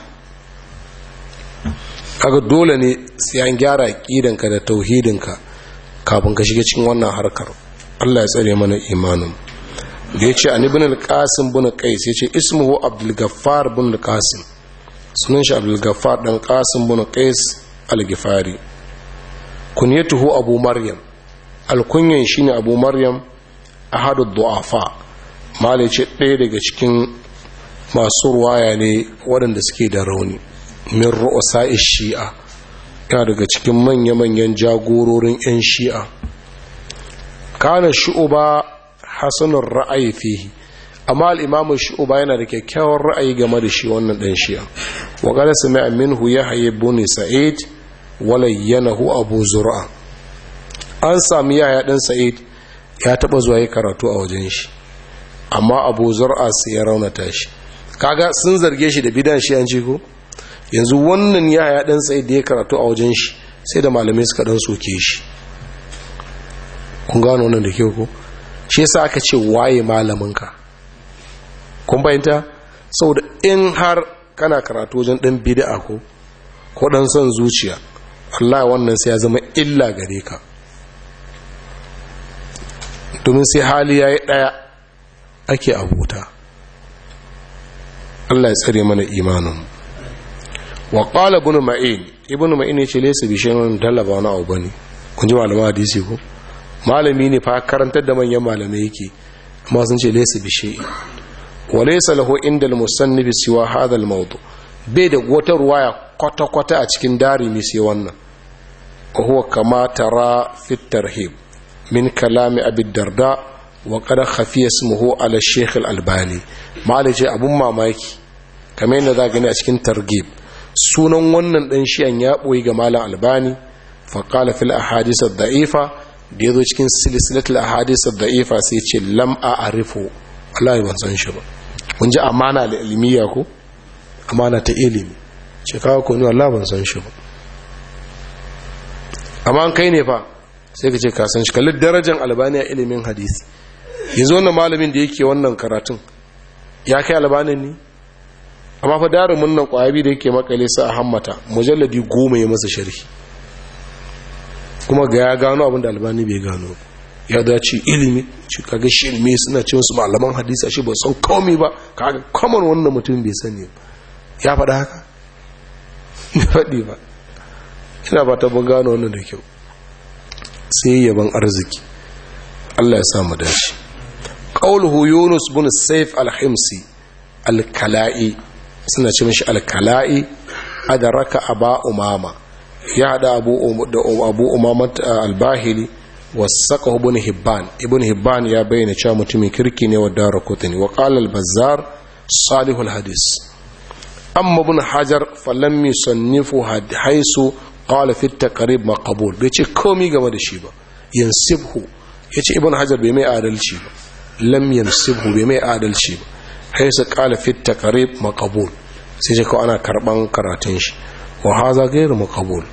S1: kaga dole ne sai an gyara kidanka da tauhidinka kafin ka shiga cikin wannan harkar Allah ya tsare mana imanin da yace an ibn al-qasim bin qais yace ismuhu abdul gaffar bin al-qasim sunan shi abdul gaffar dan qasim bin qais al-gifari kunyatuhu abu maryam alkunyan shine abu maryam ahadu du'afa ya ce ɗaya daga cikin masu ruwaya ne waɗanda suke da rauni min ru'asa shi'a yana daga cikin manya-manyan jagororin 'yan shi'a kana shu'uba hasanun ra'ayi fihi amma al'imamun shu'uba yana da kyakkyawar ra'ayi game da shi wannan dan shi'a wa gada su mai aminu ya haye buni sa'id walayyanahu abu zura an sami yaya ɗan sa'id ya taɓa zuwa yi karatu a wajen shi amma abu zura sai ya raunata shi kaga sun zarge shi da bidan shi an ji ko yanzu wannan yaya dan tsaye da ya karatu a wajen shi sai da malamai suka dan soke shi kun gano wannan da ke ko shi yasa aka ce waye malaminka kun fahimta saboda in har kana karatu wajen dan bid'a ko ko dan son zuciya Allah wannan sai ya zama illa gare ka domin sai hali yayi daya ake abuta Allah ya tsare mana imanin wa qala ibn ma'in ibn ma'in yace laysa bi shay'in talaba wani abu bane kun ji malama hadisi ko malami ne fa karantar da manyan malamai yake amma sun ce laysa bi shay'in wa laysa lahu inda al nufi siwa hadha al bai da wata ruwaya kwata kwata a cikin dari mai sai wannan wa huwa kama tara fi tarhib min kalami abi darda wa qad khafiya ismuhu ala shaykh al-albani malai ce abun mamaki kamar yadda za gani a cikin targib sunan wannan ɗan shiyan ya ɓoyi ga malam albani faƙala fil ahadisa da'ifa da ya zo cikin silisilatul ahadisa da'ifa sai ce lam a arifo wallahi ban san shi ba kun ji amana da ilmiya ko amana ta ilimi ce kawo ko ni wallahi ban san shi ba amma kai ne fa sai ka ce ka san shi kalli darajar albani a ilimin hadisi yanzu wannan malamin da yake wannan karatun ya kai albanin ne amma fa darin nan ƙwayabi da yake makale su a hammata mujalladi goma ya masa sharhi kuma ga ya gano abin da albani bai gano ya dace ilimi shi kaga shirme suna cewa su malaman hadisi shi ba san komai ba kaga kamar wannan mutum bai sani ba ya faɗa haka ya faɗi ba ina ba ta ban gano wannan da kyau sai yaban arziki Allah ya sa mu dace qauluhu yunus bin saif al-himsi al-kala'i suna ce mashi alkala'i adaraka aba umama ya hada abu um, da um, abu umama uh, albahili wasaka ibn hibban ibn hibban ya bayyana cewa mutumin kirki ne wa darukutani wa qala al-bazzar salihul hadis amma ibn hajar falam sannifu haisu qala fi karib taqrib maqbul bai ce komai game da shi ba yansibhu yace ibn hajar bai mai adalci ba lam yansibhu bai mai adalci ba haisu ƙala fi karib taqrib sai ce kawai ana karban karatun shi wa haza gairu makabul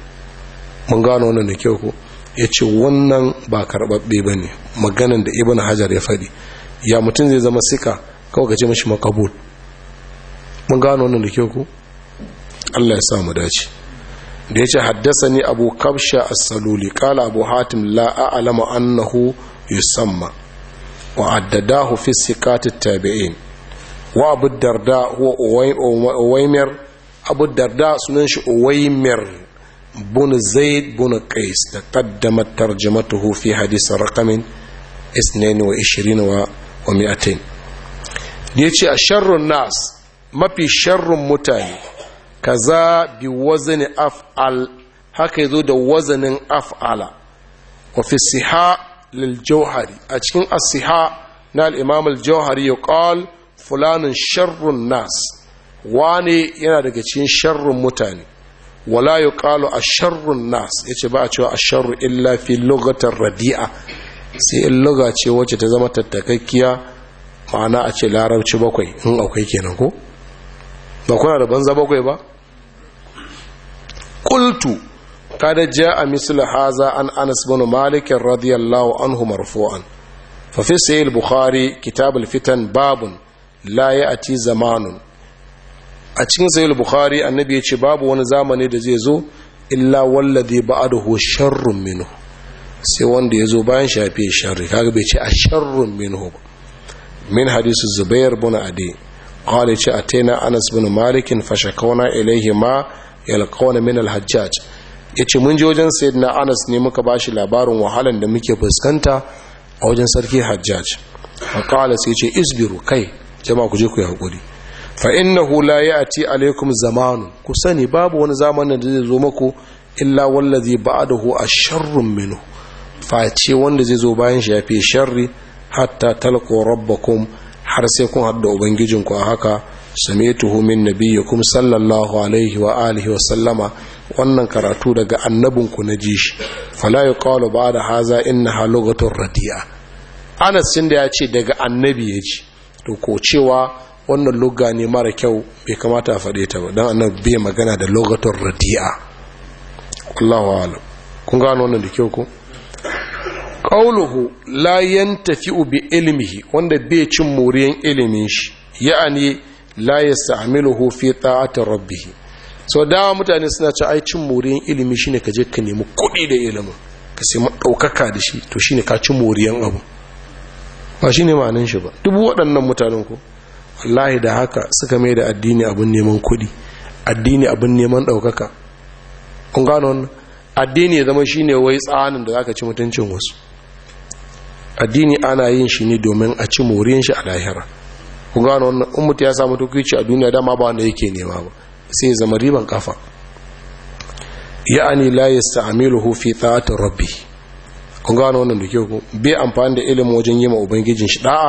S1: mun gano wannan da kyau ko ya ce wannan ba karɓaɓɓe ba ne maganan da ibn hajar ya faɗi ya mutum zai zama sika kawai gaje mashi makabul mun gano wannan da kyau ku Allah ya sa mu dace da ya ce haddasa ni abu kabsha a saluli kala abu hatim la alama annahu yusamma wa addadahu fi sikat tabiin wa abu darda huwa abu darda sunan shi uwaimir bun zaid bun qais da qaddama rakamin fi hadith raqamin 22 wa 200 yace a sharrun nas mafi sharrun mutane kaza bi wazni af'al haka yazo da wazanin af'ala wa fi siha lil jawhari a cikin as na al-imam ya qala fulanin sharrun nas wane yana daga cikin sharrun mutane wala a sharrun nas ya ce ba a cewa sharru illa fi lugatar radi'a sai in luga ce wacce ta zama tattakakkiya ma'ana a ce larabci bakwai in akwai kenan ko ba kuna da banza bakwai ba Kultu kada a mislu haza an Anas bin malikin radiyallahu anhu marfu'an fa fi sahih bukhari kitab fitan babun la ya ati zamanun a cikin sayil bukhari annabi ya ce babu wani zamani da zai zo illa wallazi ba'adahu sharrun minhu sai wanda ya zo bayan shafe sharri kaga bai ce a sharrun minhu min hadisu zubair bin adi qala ce ataina anas bin malik fa shakawna ilayhi ma yalqawna min hajjaj yace mun je wajen sayyidina anas ne muka bashi labarin wahalan da muke fuskanta a wajen sarki hajjaj fa qala sai ce isbiru kai jama'a ku je ku yi hakuri fa innahu la ya'ti alaikum zamanu ku sani babu wani zamanin da zai zo muku illa wallazi ba'dahu asharrun minhu face wanda zai zo bayan shi yafi sharri hatta talqu rabbakum har sai kun hadda ubangijinku a haka samituhu min nabiyyikum sallallahu alaihi wa alihi wa sallama wannan karatu daga annabinku na ji shi fala yuqalu ba'da haza innaha lughatun radiya Anas sinda ya ce daga annabi ya ce to ko cewa wannan lugga ne mara kyau bai kamata a faɗe ta ba don annan bai magana da logatar radi'a Allahu alam kun gano wannan da kyau ko qawluhu la yantafi'u bi ilmihi wanda bai cin moriyan ilimin shi ya'ani la yasta'miluhu fi ta'ati rabbih so da mutane suna ci ai cin moriyan ilimi shine kaje ka nemi kuɗi da ilimin ka sai ɗaukaka da shi to shine ka cin moriyan abu ba shi ne ma'anin shi ba duk waɗannan mutanen ku wallahi da haka suka mai da addini abin neman kuɗi addini abin neman ɗaukaka kun gano addini ya zama shine wai tsanin da zaka ci mutuncin wasu addini ana yin shi ne domin a ci moriyan shi a lahira kun gano wannan in mutum ya samu tukici a duniya dama ba wanda yake nema ba sai zama riban kafa ya'ani la yasta'miluhu fi ta'ati rabbi kun gano wannan da ke ku bai amfani da ilimin wajen yi ma ubangijin shi da'a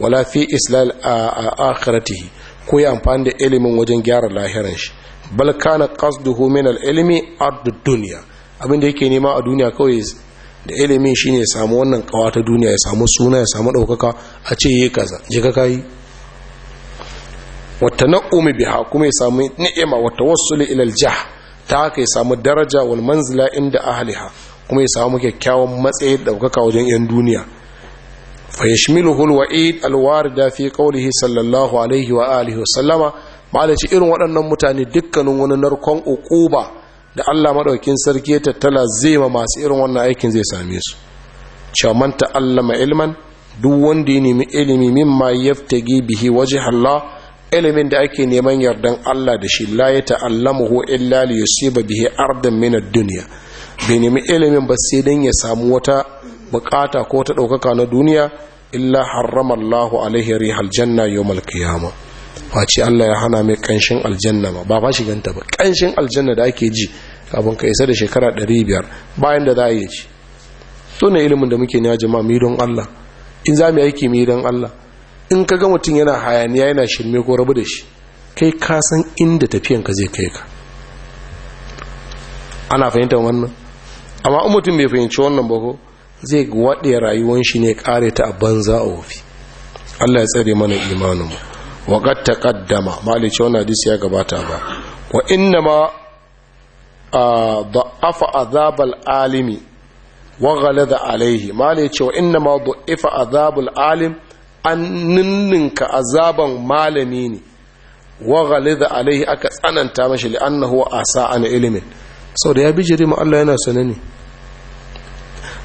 S1: wala fi islal a akhiratihi ko ya amfani da ilimin wajen gyara lahirin shi bal kana qasduhu min al ilmi ad dunya abin da yake nema a duniya kawai da ilimin shine ya samu wannan kawa ta duniya ya samu suna ya samu daukaka a ce yi kaza je ka kai wata na'umi biha kuma ya samu ni'ima wata wasu ila al jah ta haka ya samu daraja wal manzila inda ahliha kuma ya samu kyakkyawan matsayin daukaka wajen yan duniya fa yashmiluhu alwa'id alwarida fi kaulihi sallallahu alaihi wa alihi wa sallama ci irin waɗannan mutane dukkanin wani narkon ukuba da Allah maɗaukin sarki ya tattala zai ma masu irin wannan aikin zai same su cewa allama ilman duk wanda ya nemi ilimi mimma yaftagi bihi waje Allah ilimin da ake neman yardan Allah da shi la ya ta'allamuhu illa li yusiba bihi ardan min ad-dunya bai nemi ilimin ba sai dan ya samu wata bukata ko ta ɗaukaka na duniya illa harrama Allahu alaihi rihal janna yawmal qiyama ce Allah ya hana mai kanshin aljanna ba ba ba shiganta ba kanshin aljanna da ake ji kafin ka isa da shekara 500 bayan da za a yi ci to ne ilimin da muke ne jama'a mu don Allah in za mu aiki mu don Allah in ka ga mutum yana hayaniya yana shirme ko rabu da shi kai ka san inda tafiyanka zai kai ka ana fahimtar wannan amma in mutum bai fahimci wannan ba ko zai waɗe rayuwar shi ne kare ta a banza a wofi Allah ya tsare mana imanin mu wa qad taqaddama malice wannan hadisi ya gabata ba wa inna ma da'afa azabal alimi wa ghalada alaihi malice wa inna ma da'afa azabul alim an ninninka azaban malami ne wa ghalada alaihi aka tsananta mashi li'annahu asa an ilimin sau da ya bijire ma Allah yana sane ne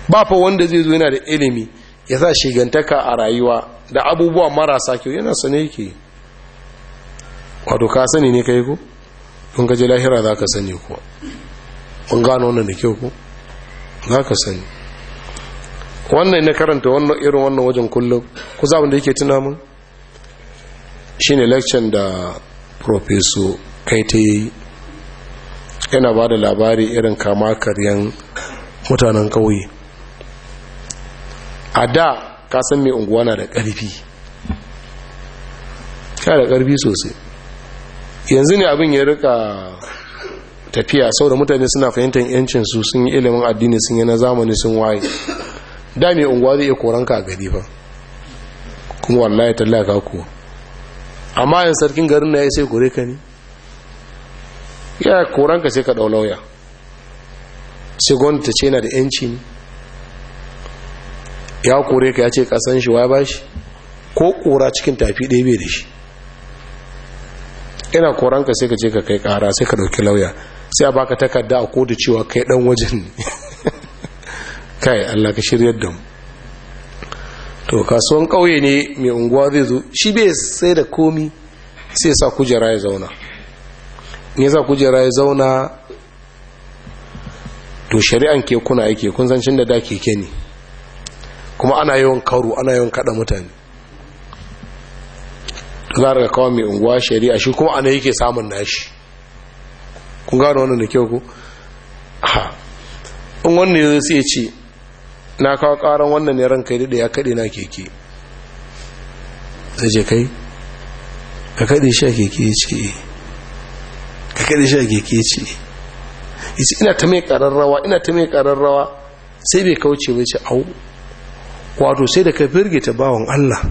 S1: ba fa wanda zai zo yana da ilimi ya sa shigantaka a rayuwa da abubuwa marasa kyau yana sane yake wato ka sani ne ka yi ko kun gaji lahira za ka sani kuwa kun gano wannan da kyau ko za ka sani wannan na karanta wannan irin wannan wajen kullum ku za wanda yake tuna mun ne lecture da profesor kai ta yi yana ba da labari irin kama karyan mutanen ƙauye a da kasan mai unguwa na da ƙarfi ya da ƙarfi sosai yanzu ne abin ya rika tafiya sau da mutane suna fahimtar yancinsu sun yi ilimin addini sun yi na zamani sun waye da mai unguwa zai iya ka a gari ba kuma wallaye tallaka ku amma yin sarkin garin na ya sai kore ka ne ya koranka sai ka ɗau lauya sai gwamnati ce na da yanci ya kore ka ya ce kasan shi wa ba shi ko kora cikin tafi ɗaya bai da shi ina koranka sai ka ce ka kai kara sai ka dauki lauya sai a baka takarda a koda cewa kai dan wajen kai allah ka shiryar da mu to kasuwan kauye ne mai unguwa zai zo shi bai sai da komi sai sa kujera ya zauna ne za kujera ya zauna to shari'an ke kuna yake kun san cin da da keke ne kuma ana yawan karu ana yawan kada mutane za a kawo mai unguwa shari'a shi kuma ana yake samun nashi kun gano wannan da kyau ku ha in wannan ya sai ce na kawo karan wannan ne ranka da ya kaɗe na keke zai ce kai ka kaɗe shi a keke ya ce ya kada shi a geke ce yace ina ta mai kararrawa ina ta mai kararrawa sai bai kauce bai ce au wato sai da ka firgita bawan Allah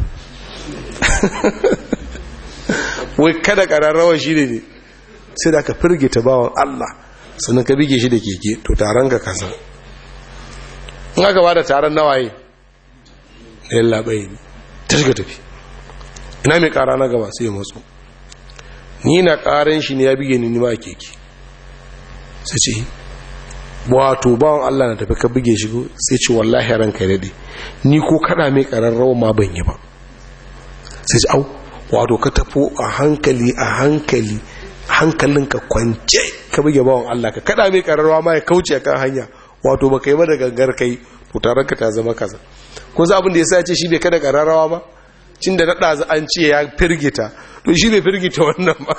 S1: wai kada kararrawa shi ne sai da ka firgita bawan Allah sannan ka bige shi da keke to taron ka kasa in aka ba da taron nawaye da labai ne ta shiga tafi ina mai kara na gaba sai ya matsu ni na ƙaran shi ne ya bige ni nima keke sai ce wato bawan Allah na tafi ka bige shi sai ce wallahi ranka daɗe ni ko kada mai rawa ma ban yi ba sai ce au wato ka tafo a hankali a hankali hankalinka kwance ka bige ba bawan Allah ka kada mai rawa ma ya kauce kan hanya wato ba ka yi ba da gangar kai to taron ka ta zama kaza ko za abin da ya sa ce shi bai kada ƙararrawa ba cin da naɗa an ce ya firgita to shi bai firgita wannan ba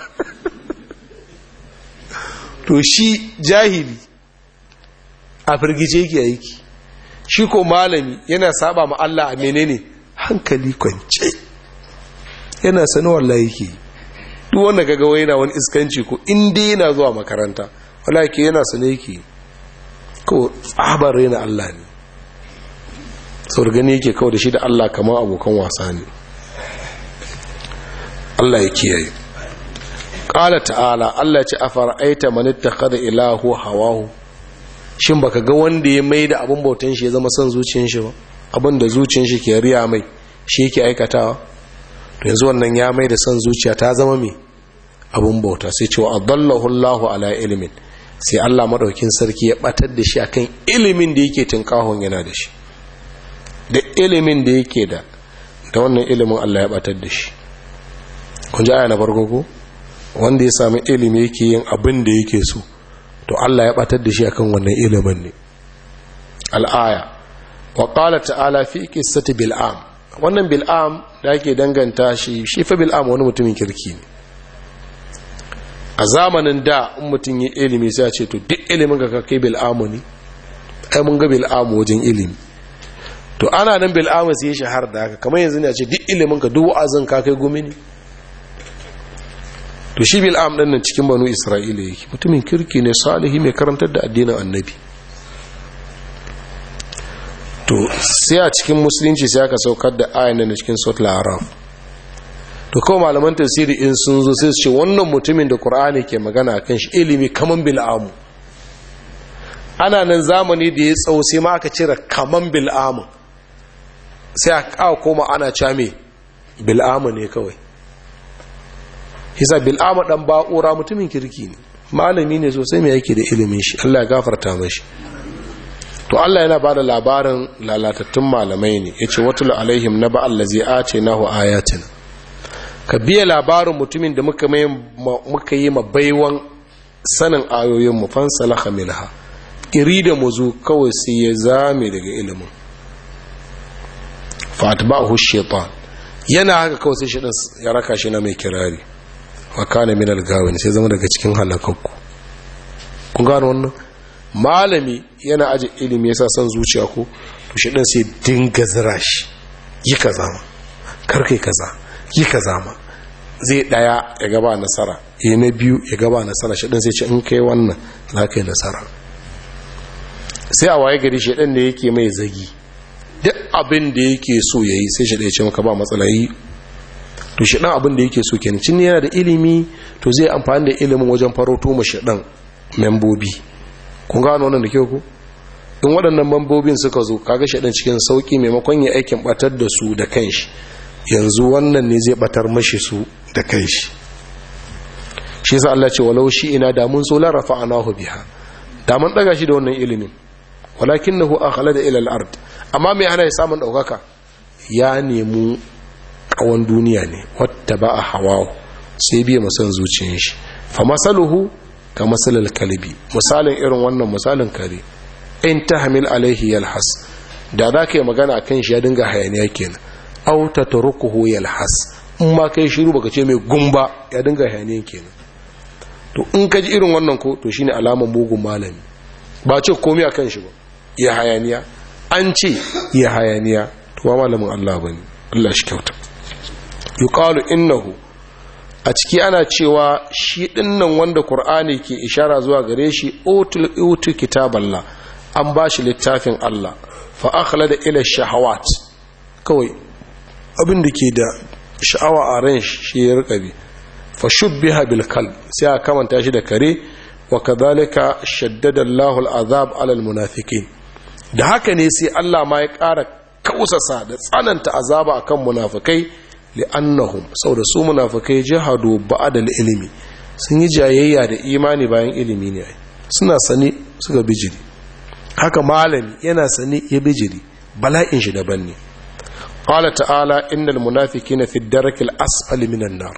S1: to shi jahili a firgice yake aiki shi ko malami yana saba ma Allah a menene hankali kwance yana sanuwar wallahi duk wanda gagawa yana wani iskanci ko in yana zuwa makaranta wallahi yana sane yake ko tsabar yana Allah ne sau da gani yake kawai da shi da Allah kamar abokan wasa ne Allah ya kiyaye qala ta'ala Allah ce afara'aita man ittakhadha ilahu hawahu shin baka ga wanda ya maida abin bautan shi ya zama son zuciyar shi ba abin da zuciyar shi ke riya mai shi yake aikatawa to yanzu wannan ya maida son zuciya ta zama mai? abin bauta sai cewa adallahu Allahu ala ilmin sai Allah maɗaukin sarki ya batar da shi akan ilimin da yake tunkahon yana da shi da ilimin da yake da da wannan ilimin Allah ya batar da shi kun ji aya na farko ko wanda ya sami ilimi yake yin abin da yake so to Allah ya batar da shi akan wannan ilimin ne al'aya wa qala ta'ala fi qissati bil'am wannan bil'am da ake danganta shi shi fa bil'am wani mutumin kirki ne a zamanin da in mutum yi ilimi sai ce to duk ilimin ka kai bil'amu ne ai mun ga bil'amu wajen ilimi to ana nan bil'amu sai ya shahar da haka kamar yanzu ne a ce duk ilimin ka duk wa'azin ka kai gumi ne to shi bil'am ɗan nan cikin banu isra'ila yake mutumin kirki ne salihi mai karantar da addinin annabi to sai a cikin musulunci sai aka saukar da ayan na cikin sautul araf to kawai malaman tafsiri in sun zo sai su ce wannan mutumin da qur'ani ke magana kan shi ilimi kaman bil'amu ana nan zamani da ya tsawo sai ma aka cire kaman bil'amu sai aka koma ana cami bil'amu ne kawai isa bil'ama dan ba'ura mutumin kirki ne malami ne sosai mai yake da ilimin shi Allah ya gafarta mashi to Allah yana bada labarin lalatattun malamai ne yace watul alaihim naba allazi atainahu ayatin ka biya labarin mutumin da muka mai yi ma baiwan sanin ayoyin mu fansalaha minha iri da mu zo kawai sai ya zame daga ilimin fatbahu shaytan yana haka kawai sai shi ya raka shi na mai kirari wa kana min al sai zama daga cikin halakakku kun gano wannan malami yana aje ilimi yasa san zuciya ko to shi dan sai dinga zira shi yi kaza Kar kai kaza yi kaza ma zai daya ya gaba nasara yi na biyu ya gaba nasara shi dan sai ce in kai wannan za ka nasara sai a waye gari shi dan da yake mai zagi duk abin da yake so yayi sai shi da ya ce maka ba matsala to shi dan abin da yake so kenan cin yana da ilimi to zai amfani da ilimin wajen farauto ma shi dan membobi kun gano wannan da ke ku? in waɗannan membobin suka zo kaga shi dan cikin sauki maimakon ya aikin batar da su da kanshi yanzu wannan ne zai batar mashi su da kanshi shi yasa Allah ce walau shi ina da mun so la rafa'anahu biha da mun daga shi da wannan ilimin walakinahu akhlada ila al-ard amma me ana da samun daukaka ya nemi kawan duniya ne wata ba a hawa sai biya masan zuciyar shi fa masaluhu ka masalar kalibi misalin irin wannan misalin kare in ta hamil alaihi yalhas da za ka yi magana a kan shi ya dinga hayaniya kenan au ta tarukuhu yalhas in ma kai shiru baka ce mai gumba ya dinga hayaniya kenan to in ka ji irin wannan ko to shine alamar mugun malami ba ce a kan shi ba ya hayaniya an ce ya hayaniya to ba malamin Allah bane Allah shi kyauta yuqalu innahu a ciki ana cewa shi dinnan wanda qur'ani ke ishara zuwa gare shi utul kitaballah an ba shi littafin Allah fa akhlada ila shahawat kawai abin da ke da sha'awa a ran shi ya rikabi fa shubbiha bil sai a kamanta shi da kare wa kadhalika shaddada Allahu al'azab ala da haka ne sai Allah ma ya ƙara kausasa da tsananta azaba akan munafikai li'annahum saboda su munafikai jihadu ba'adal ilimi sun yi jayayya da imani bayan ilimi ne suna sani suka bijiri haka malami yana sani ya bijiri bala'in shi daban ne qala ta'ala innal munafiqina fi darakil asfali minan nar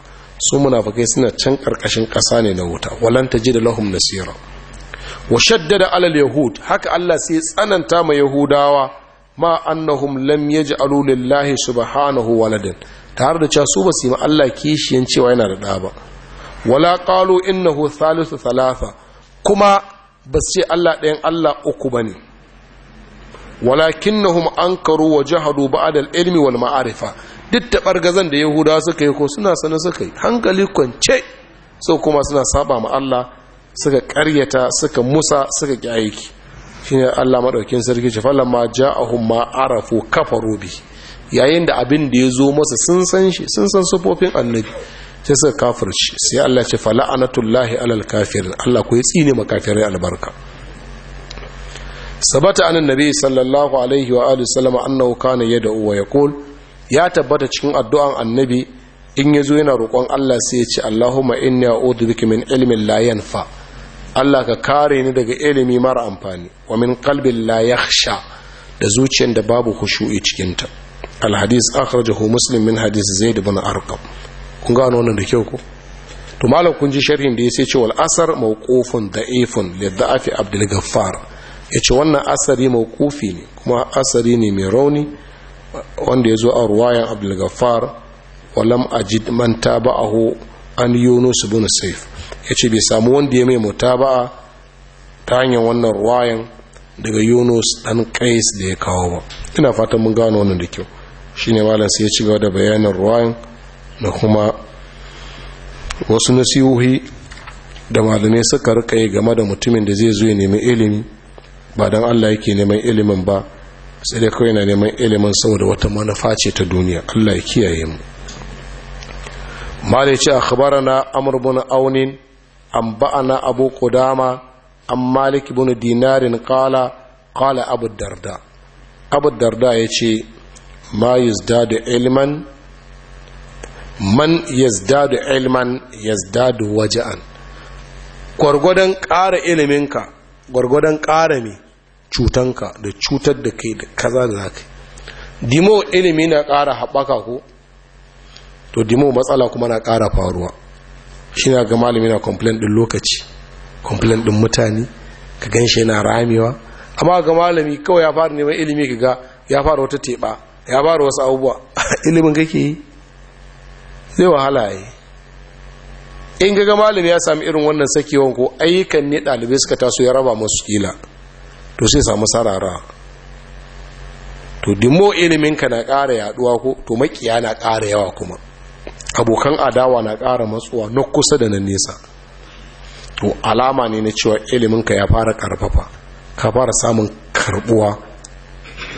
S1: su munafikai suna can karkashin kasa ne na wuta walan tajid lahum nasira wa shaddada alal yahud haka Allah sai tsananta ma yahudawa ma annahum lam yaj'alu lillahi subhanahu waladan tare da cewa su ba su yi Allah kishiyan cewa yana da daba. ba wala qalu innahu Salisu thalatha kuma ba su ce Allah ɗayan Allah uku bane walakinnahum ankaru wa jahadu ba'da al-ilmi wal ma'arifa duk da bargazan da yahuda suka yi ko suna sana suka yi hankali kwance so kuma suna saba ma Allah suka ƙaryata suka musa suka ki aiki shine Allah madaukin sarki ce falamma ja'ahum ma'arafu arafu kafaru yayin da abin da ya zo masa sun san shi sun san sufofin annabi sai suka shi sai Allah ce fala'anatullahi alal kafirin Allah ku ya tsine ma kafirai albarka sabata anan nabi sallallahu alaihi wa alihi sallama annahu kana yad'u wa yaqul ya tabbata cikin addu'an annabi in ya zo yana roƙon Allah sai ya ce Allahumma inni a'udhu bika min ilmin la yanfa Allah ka kare ni daga ilimi mara amfani wa min qalbin la yakhsha da zuciyar da babu khushu'i cikinta alhadis akhrajahu muslim min hadis zaid ibn arqam kun gano wannan da kyau ko to malam kun ji sharhin da yace cewa al-asar mawqufun da'ifun li da'afi abdul ghaffar yace wannan asari mawqufi ne kuma asari ne mai rauni wanda yazo a ruwayan abdul ghaffar walam ajid man tabahu an yunus ibn saif yace bai samu wanda ya mai mutaba'a ta hanyar wannan ruwayan daga yunus dan kais da ya kawo ba ina fatan mun gano wannan da kyau shine malam sai ya ci gaba da bayanin ruwan da kuma wasu nasihohi da malamai suka rika yi game da mutumin da zai zo ya nemi ilimi ba don Allah yake neman ilimin ba sai dai kawai na neman ilimin saboda wata manufa ce ta duniya Allah ya kiyaye mu malai ce a na amr bin aunin na abu kudama an malik bin dinarin kala-kala abu darda abu darda ya ce. ma yazdadu ilman man yazdadu ilman yazdadu waja'an gwargwadon ƙara iliminka gwargwadon ƙara mai cutanka da cutar da kai da kaza da za ka dimo ilimi na ƙara haɓaka ko to dimo matsala kuma na ƙara faruwa shi na ga malami na complain din lokaci complain din mutane ka gan shi yana ramewa amma ga malami kawai ya fara neman ilimi ka ga ya fara wata teɓa ya ba wasu abubuwa ilimin kake yi zai wahala yi in gaga malami ya sami irin wannan sakewan ko ayyukan ne ɗalibai suka taso ya raba masu kila to sai samu sarara to dimo iliminka na ƙara yaduwa ko to makiya na ƙara yawa kuma abokan adawa na ƙara matsuwa na kusa da na nesa to alama ne na cewa ilimin ka ya fara ƙarfafa ka fara samun karbuwa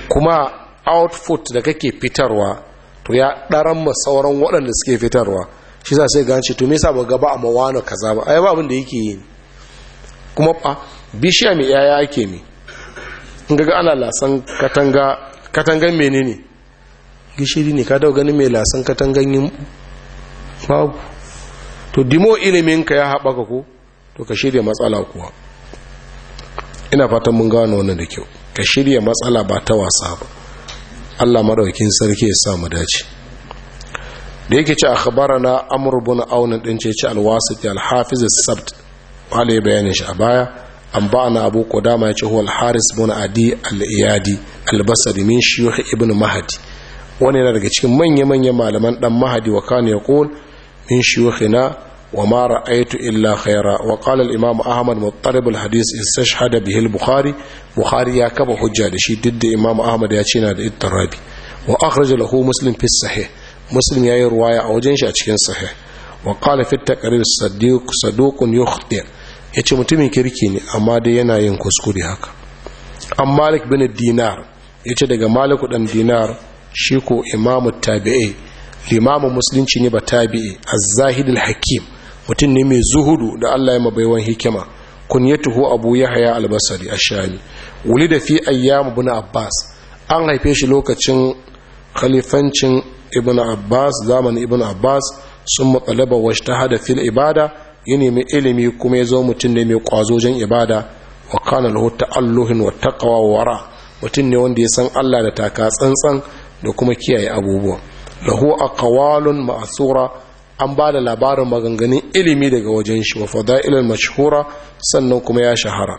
S1: kuma output da kake fitarwa to ya ɗaran ma sauran waɗanda suke fitarwa shi za sai ganci to me yasa ba gaba a mawano kaza ba ai ba abin da yake yi kuma ba bishiya mai yaya ake ne in ga ana lasan katanga katangan menene gishiri ne ka gani mai lasan katangan yin babu to dimo iliminka ya haɓaka ko to ka shirya matsala kuwa ina fatan mun gano wannan da kyau ka shirya matsala ba ta wasa ba Allah madaukin sarki ya sa mu dace da yake ci akhbarana amr ibn aun din ce ci al alhafiz as-sabt wale bayanin shi a baya an na abu qudama yace huwa al-haris ibn adi al-iyadi al-basri min shuyukh ibn mahdi wani yana daga cikin manya-manyan malaman dan mahdi wa kana yaqul min shuyukhina وما رأيت إلا خيرا وقال الإمام أحمد مضطرب الحديث استشهد به البخاري بخاري يا كبا حجة شي ضد إمام أحمد يا شينا الترابي وأخرج له مسلم في الصحيح مسلم يا رواية أو جنش أشكين صحيح وقال في التقرير الصديق صدوق يخطئ yace mutumin kirki ne amma dai yana yin kuskure haka an malik bin dinar yace daga malik dan dinar shi ko imamu tabi'i limamin musulunci ne ba tabi'i az-zahid al-hakim mutum ne mai zuhudu da Allah ya mabaiwan hikima kunyatuhu abu yahya al-basri ash-shami wulida fi ayyam ibn abbas an haife shi lokacin khalifancin ibn abbas zamanin ibn abbas sun matsalaba wa hada fil ibada ya nemi ilimi kuma ya zo mutum ne mai kwazojin ibada wa kana lahu ta'alluhin wa taqwa wa mutum ne wanda ya san Allah da taka tsantsan da kuma kiyaye abubuwa a aqwalun ma'asura. an ba da labarin maganganun ilimi daga wajen shi wa fada'ilar mashhura sannan kuma ya shahara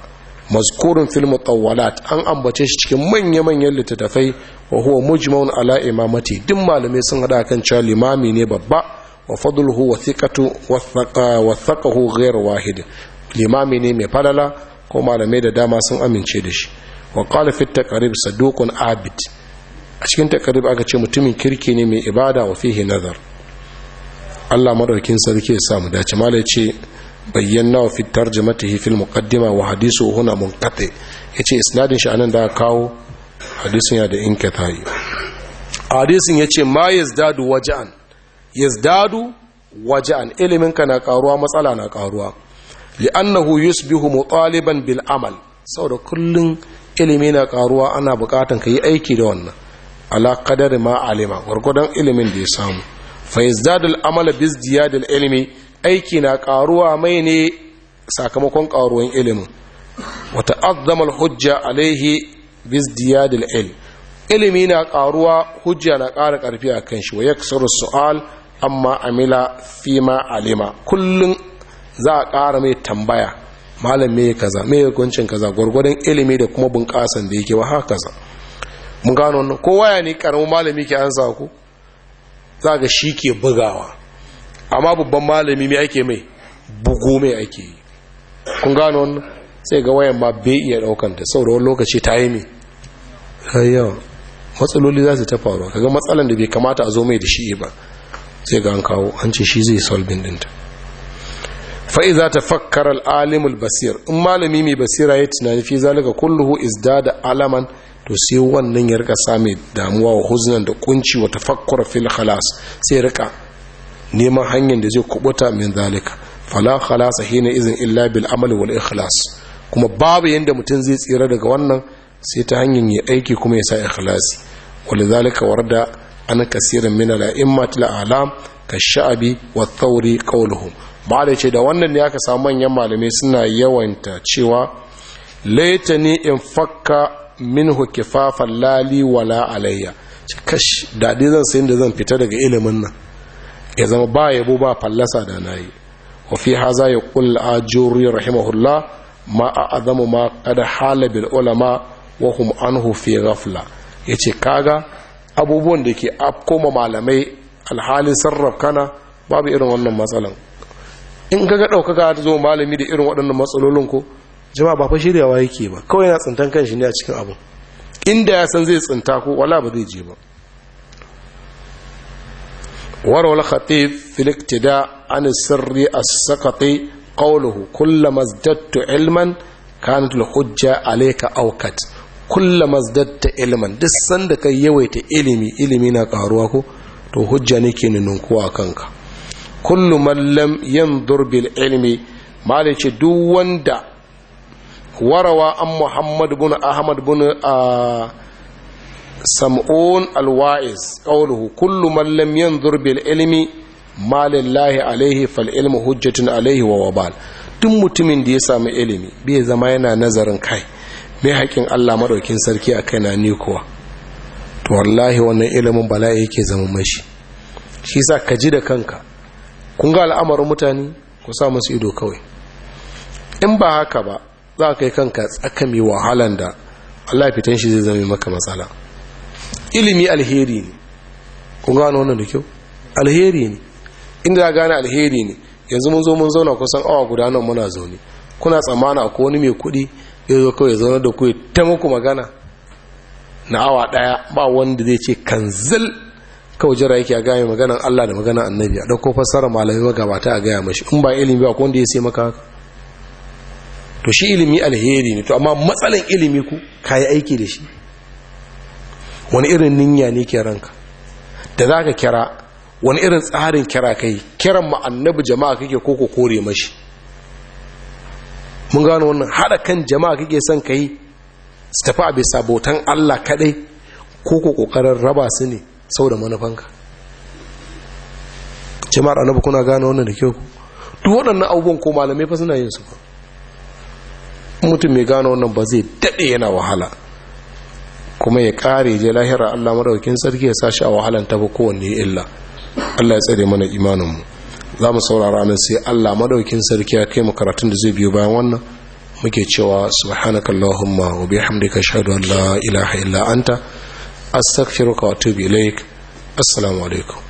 S1: mazkurin filmu tsawalat an ambace shi cikin manya-manyan littattafai wa huwa mujmaun ala imamati duk malamai sun hada kan cewa limami ne babba wa fadul huwa thiqatu wa thaqahu ghayr wahid limami ne mai falala ko malamai da dama sun amince da shi wa qala fi taqrib saduqun abid a cikin taqrib aka ce mutumin kirki ne mai ibada wa fihi nazar Allah madaukin sarki ya samu dace malai ce bayyana wa fitar jimatihi fil muqaddima wa hadisu huna munqati yace isnadin shi anan da kawo hadisin ya da inkatai hadisin yace ma yazdadu waj'an yazdadu waj'an ilimin ka na karuwa matsala na karuwa li'annahu yusbihu mutaliban bil amal saboda kullun ilimi na karuwa ana bukatan ka aiki da wannan ala qadari ma alima gurgudan ilimin da ya samu fa amala bis ziyadil ilmi aiki na karuwa mai ne sakamakon karuwan ilimi wa ta'azzama hujja alaihi bis ziyadil ilimi na karuwa hujja na kara karfi akan shi wa yaksaru su'al amma amila ma alima kullun za a ƙara mai tambaya malam me kaza me hukuncin kaza gwargwadon ilimi da kuma bunƙasan da yake wa haka kaza mun gano wannan kowa ya ne karamin malami ke an ku za ga shi ke bugawa amma babban malami mai ake mai bugu mai ake yi kun gano wannan sai ga wayan ma bai iya daukanta saboda wani lokaci ta yi mai yawa matsaloli za su ta faruwa ga matsalan da bai kamata a zo mai da shi ba sai ga an kawo an ce shi zai solving dinta fa'iza ta fakkar al'alimul basir in malami mai basira ya tunani fi zalika kulluhu da da alaman to sai wannan ya rika same damuwa wa huznan da kunci wa tafakkur fil khalas sai rika neman hanyar da zai kubuta min zalika fala khalasa hina izin illa bil amal wal ikhlas kuma babu yanda mutum zai tsira daga wannan sai ta hanyar ya aiki kuma ya sa ikhlasi zalika warda an kasirin min al a'immat al alam ka sha'abi wa thawri qawluhum ba da ce da wannan ne aka samu manyan malamai suna yawanta cewa laitani in fakka minhu kifafan lali wala alayya kash daɗi zan sayin da zan fita daga ilimin nan ya zama ba yabo ba fallasa da nayi yi wa fi haza ya qul a juriyar rahimahullah ma a ma kada hala bil ulama wa hum anhu fi ghafla yace kaga abubuwan da ke afkoma malamai alhali sarraf kana babu irin wannan matsalan in kaga ɗaukaka ka zo malami da irin waɗannan matsalolin ko jama'a ba fa shiryawa yake ba kawai yana tsintan kanshi ne a cikin abu inda ya san zai tsinta ko wala ba zai je ba wal khatib fil iktida an sirri as-saqati qawluhu kullama zadtu ilman kanat al-hujja alayka awkat kullama zadtu ilman duk sanda kai yawaita ilimi ilimi na karuwa ko to hujja ne ke ninkuwa kanka kullu man lam yanzur bil ilmi malice duk wanda warawa an muhammad bin ahmad bin sam'un alwa'iz qawluhu kullu man lam yanzur bil ilmi ma lillahi fal ilmu hujjatun alaihi wa wabal duk mutumin da ya samu ilimi bai zama yana nazarin kai mai haƙin Allah maɗaukin sarki a kai na ni kuwa to wallahi wannan ilimin bala'i yake zama mashi shi sa ka ji da kanka kun ga al'amarin mutane ku sa musu ido kawai in ba haka ba za ka yi kanka tsakami wahalan da Allah fitan shi zai zama maka matsala ilimi alheri ne kun gano wannan da kyau alheri ne inda ya gane alheri ne yanzu mun zo mun zauna kusan awa guda nan muna zaune kuna tsammana ko wani mai kuɗi ya zo kawai zaune da ku ya ta muku magana na awa ɗaya ba wanda zai ce kanzil kawai jira yake a gaya maganan Allah da maganan annabi a ɗauko fassara malamai magabata a gaya mashi in ba ilimi ba ko wanda ya sai maka haka to shi ilimi alheri ne to amma matsalan ilimi ku kayi aiki da shi wani irin ninya ne ke ranka da za ka kira wani irin tsarin kira kai kiran ma annabi jama'a kake ko ko kore mashi mun gano wannan hada kan jama'a kake son yi su tafi a bisa bautan Allah kaɗai ko ko kokarin raba su ne sau da manufanka jama'ar annabi kuna gano wannan da kyau duk waɗannan abubuwan ko malamai fa suna yin su ba mutum mai gano wannan ba zai daɗe yana wahala kuma ya ƙare je lahira allah maraukin sarki ya sa shi a wahalan ta ba kowanne illa allah ya tsare mana imaninmu za mu saurara nan sai allah maraukin sarki ya kai mu karatun da zai biyo bayan wannan muke cewa subhanaka allahumma wa bihamdika ashhadu an la ilaha illa anta astaghfiruka wa atubu ilaik assalamu alaikum